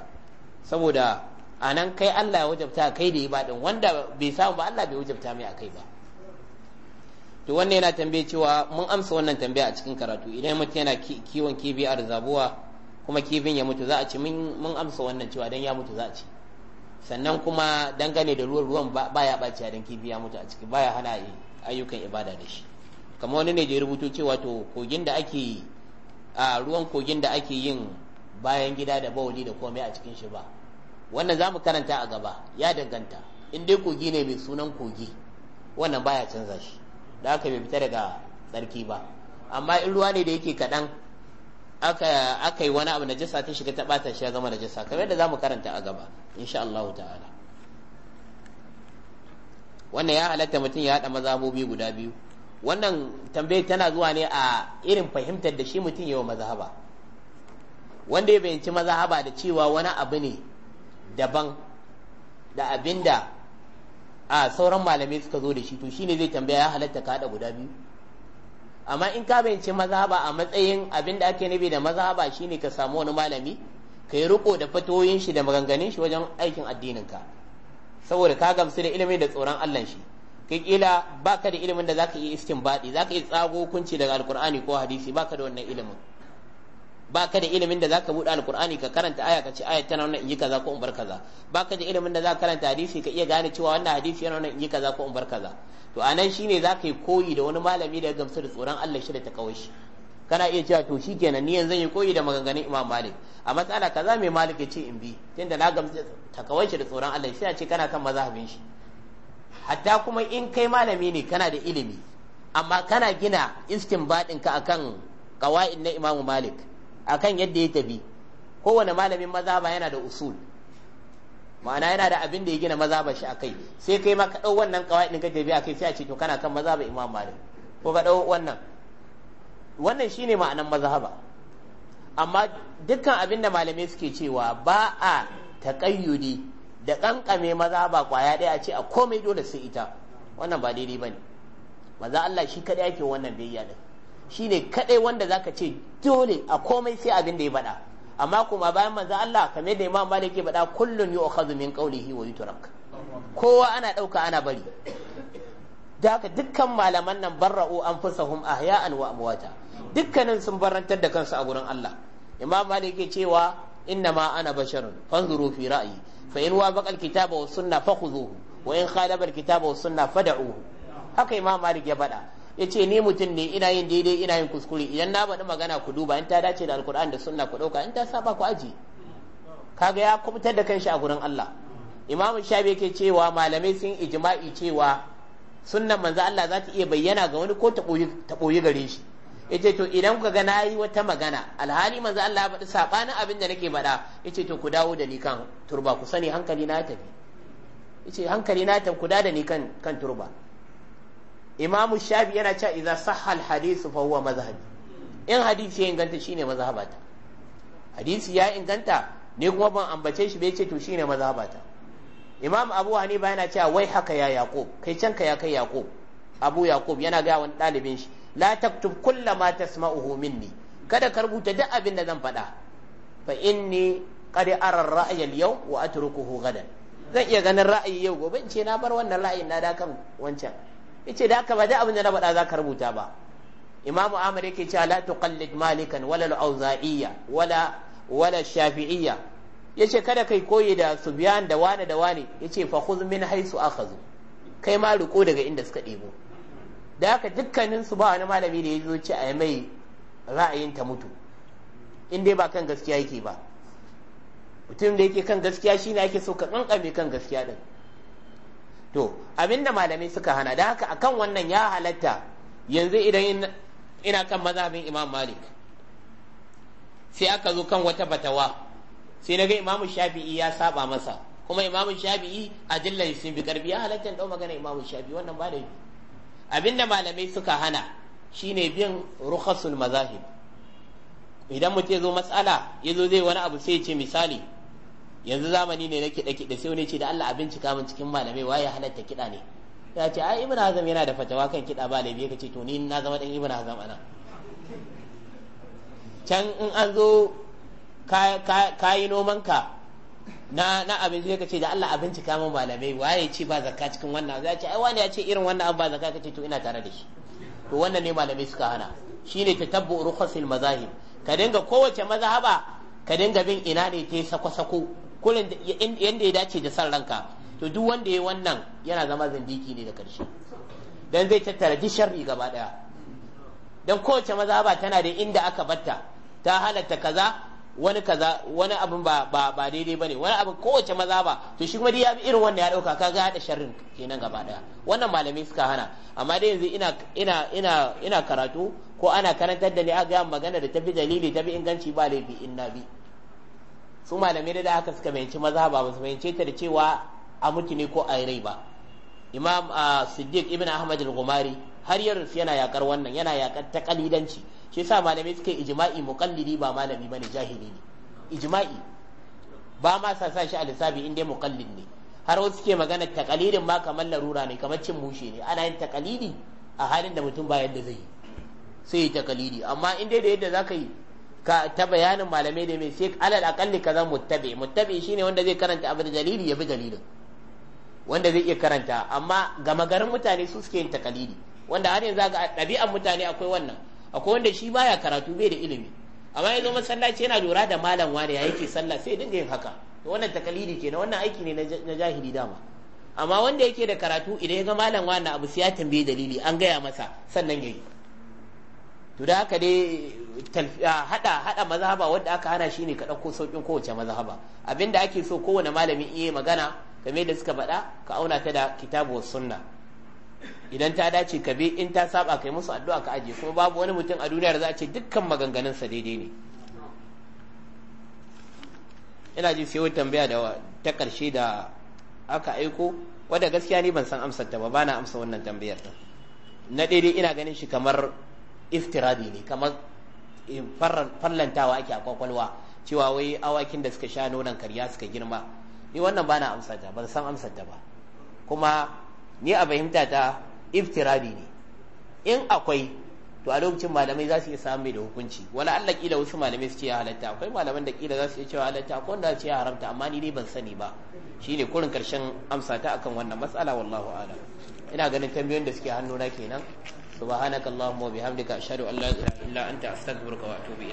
saboda a nan kai Allah ya wajabta kai da ibadan wanda bai samu ba Allah bai wajabta mai a kai ba to wannan yana tambaye cewa mun amsa wannan tambaya a cikin karatu idan mutum yana kiwon kibi a zabuwa kuma kibin ya mutu za a ci mun amsa wannan cewa dan ya mutu za a ci sannan kuma dangane da ruwan ruwan baya ɓaci dan kibi ya mutu a ciki baya hana ayyukan ibada da shi kamar wani ne da ya rubuto cewa to kogin da ake a ruwan kogin da ake yin bayan gida da bawali da komai a cikin shi ba wannan za mu karanta a gaba ya danganta in dai kogi ne mai sunan kogi wannan baya canza shi da aka bai fita daga tsarki ba amma in ruwa ne da yake kaɗan aka yi wani abu najasa ta shiga ta bata shi ya zama najasa kamar yadda za mu karanta a gaba insha Allah ta'ala wannan ya halatta mutum ya haɗa mazabobi guda biyu wannan tambayar tana zuwa ne a irin fahimtar da shi mutum yawa mazahaba wanda ya bayanci mazahaba da cewa wani abu ne daban da abinda a sauran malamai suka zo da shi to ne zai tambaya ya halatta ka guda biyu amma in ka bayanci mazahaba a matsayin abin da ake nabi da shi ne ka samu wani malami ka yi riko da fatoyin shi da maganganun shi wajen aikin addinin ka saboda ka gamsu da ilimin da tsoron allan shi kila baka da ilimin da zaka iya istinbadi zaka iya tsago hukunci daga alkur'ani ko hadisi baka da wannan ilimin baka da ilimin da zaka bude alkur'ani ka karanta aya ka ce aya tana wannan yi kaza ko in bar kaza baka da ilimin da zaka karanta hadisi ka iya gane cewa wannan hadisi yana wannan yi kaza ko in bar kaza to anan shine zaka yi koyi da wani malami da ya gamsu da tsoron Allah shi da ta kawai shi kana iya cewa to shikenan ni yanzu yi koyi da maganganun Imam Malik a matsala kaza mai Malik ya ce in bi tunda na gamsu ta kawai shi da tsoron Allah shi ya ce kana kan mazhabin shi hatta kuma in kai malami ne kana da ilimi amma kana gina istinbadin ka akan qawaid na Imam Malik akan yadda ya tafi kowane malamin mazhaba yana da usul ma'ana yana da abin da ya gina mazhaba shi akai sai kai ma ka dau wannan qawaid ka tafi akai sai a ce to kana kan mazhaba Imam Malik ko ka dau wannan wannan shine ma'anan mazhaba amma dukkan abin da malamai suke cewa ba a taƙayyudi da kankame maza ba kwaya ɗaya ce a komai dole sai ita wannan ba daidai bane maza Allah shi kadai yake wannan biyayya shi ne kadai wanda zaka ce dole a komai sai abin da ya bada amma kuma bayan manzo Allah kamar da Imam Malik ya bada kullun yu'khadhu min qawlihi wa yutrak kowa ana dauka ana bari da haka dukkan malaman nan barra'u anfusahum ahya'an wa amwata dukkanin sun barantar da kansu a gurin Allah Imam Malik ya cewa innama ana basharun fanzuru fi ra'yi fa in wafaqa al-kitaba was sunna fakhuzuhu wa in khalafa al-kitaba was sunna fad'uhu haka imam malik ya faɗa yace ni mutum ne ina yin daidai ina yin kuskure idan na baɗi magana ku duba in ta dace da alkur'an da sunna ku ɗauka in ta saba ku aji kaga ya kubutar da kanshi a gurin Allah imam shafi yake cewa malamai sun ijma'i cewa sunnan manzo Allah za ta iya bayyana ga wani ko ta boyi gare shi yace to idan kuka ga nayi wata magana alhali manzo Allah ya faɗi sabanin abin da nake faɗa yace to ku dawo da ni kan turba ku sani hankali na tafi yace hankali na tafi ku da ni kan kan turba imamu shafi yana cewa idza sahhal alhadith fa huwa mazhabi in hadisi ya inganta shine mazhabata hadisi ya inganta ne kuma ban ambace shi bai ce to shine mazhabata imam abu hanifa yana cewa wai haka ya yaqub kai can ka ya kai yaqub abu yaqub yana ga wani dalibin shi la taktub kulla ma tasma'uhu minni kada ka rubuta duk abin da zan faɗa fa inni qad ara ar-ra'y al-yawm wa atrukuhu gadan zan iya ganin ra'ayi yau gobe in ce na bar wannan ra'ayin na da kan wancan yace da haka ba duk abin da na faɗa za ka rubuta ba imamu ahmad yake cewa la tuqallid malikan wala al-awza'iyya wala wala shafi'iyya yace kada kai koyi da subyan da wane da wane yace fa khudh min haythu akhadhu kai ma riko daga inda suka ɗebo da haka dukkanin su ba wani malami da ya zo ci a mai ra'ayin ta mutu in dai ba kan gaskiya yake ba mutum da yake kan gaskiya shine ake so ka kankame kan gaskiya din to abinda malamai suka hana da haka akan wannan ya halatta yanzu idan ina kan mazhabin imam malik sai aka zo kan wata batawa sai na ga imamu shafi'i ya saba masa kuma imamu shafi'i a dillan sun bi karbi ya halatta da magana imamu shafi'i wannan ba da abinda malamai suka hana shine bin rukhasul mazahib idan mutum ya zo matsala ya zo zai wani abu sai ce misali yanzu zamani ne na kiɗe-kiɗe sai wani ce da Allah abin cika min cikin malamai waye halatta kiɗa ne ya ce ai ibn Azam yana da fatawa kan kiɗa ba laifi ce to ni na zama dan ibn Azam ana can in an zo ka yi noman ka. na na abinci sai kace da Allah abinci mun malamai waye ya ce ba zakka cikin wannan za ce ai wani ya ce irin wannan an ba zakka kace to ina tare da shi to wannan ne malamai suka hana shine tatabbu rukhasil mazahib ka dinga kowace mazhaba ka dinga bin ina ne ta sako-sako kullun yanda ya dace da san ranka to duk wanda ya wannan yana zama zindiki ne da karshe dan zai tattara duk sharri gaba daya dan kowace mazhaba tana da inda aka batta ta halatta kaza wani kaza wani abin ba ba ba daidai bane wani abin kowace maza ba to shi kuma dai ya bi irin wannan ya dauka kaga hada sharrin kenan gaba daya wannan malami suka hana amma dai yanzu ina ina ina ina karatu ko ana karantar da ni ga magana da tafi dalili tafi inganci ba laifi in na bi su malamai da haka suka bayanci maza ba su bayance ta da cewa a mutu ne ko a rai ba imam ah, siddiq ibn ahmad al-gumari har yanzu yana yakar wannan yana yakar ta kalidanci shi yasa malamai suka ijma'i muqallidi ba malami bane jahili ne ijma'i ba ma sa sa shi a lissafi in dai muqallid ne har wasu suke magana taƙalilin ma kamar larura ne kamar cin mushe ne ana yin takalidi a halin da mutum ba yadda zai yi sai yi takalidi amma in dai da yadda zaka yi ka ta bayanin malamai da mai sai alal akalli kaza muttabi muttabi shine wanda zai karanta abin dalili ya bi dalilin wanda zai iya karanta amma gama garin mutane su suke yin takalidi wanda har yanzu ga ɗabi'an mutane akwai wannan akwai wanda shi baya karatu bai da ilimi amma ya zo masallaci yana lura da malam wani ya yake sallah sai dinga yin haka to wannan takalidi kenan wannan aiki ne na jahili dama amma wanda yake da karatu idan ya ga malam wani abu sai ya tambaye dalili an gaya masa sannan yayi to da haka dai hada hada mazhaba wanda aka hana shi ne ka dauko saukin kowace mazhaba abinda ake so kowane malami iya magana game da suka faɗa ka auna ta da kitabu sunna idan ta dace ka bi in ta saba kai musu addu'a ka aje kuma babu wani mutum a duniyar za a ce dukkan maganganun sa daidai ne ina ji sai wata tambaya da ta karshe da aka aiko wadda gaskiya ni ban san amsar ta ba bana amsa wannan tambayar ta na daidai ina ganin shi kamar iftirabi ne kamar eh, fallantawa ake a kwakwalwa cewa wai awakin da suka sha nonon karya suka girma ni wannan bana amsa ta ban san amsar ta ba kuma ni a fahimta ta iftirabi ne in akwai to a lokacin malamai za su iya samu da hukunci wala Allah kila wasu malamai su ce ya halatta akwai malaman da kila za su iya cewa halatta akwai wanda ce ya haramta amma ni dai ban sani ba shine kurin karshen amsa ta akan wannan matsala wallahu a'lam ina ganin tambayoyin da suke hannuna kenan subhanakallahumma wa bihamdika ashhadu an la ilaha illa anta astaghfiruka wa atubu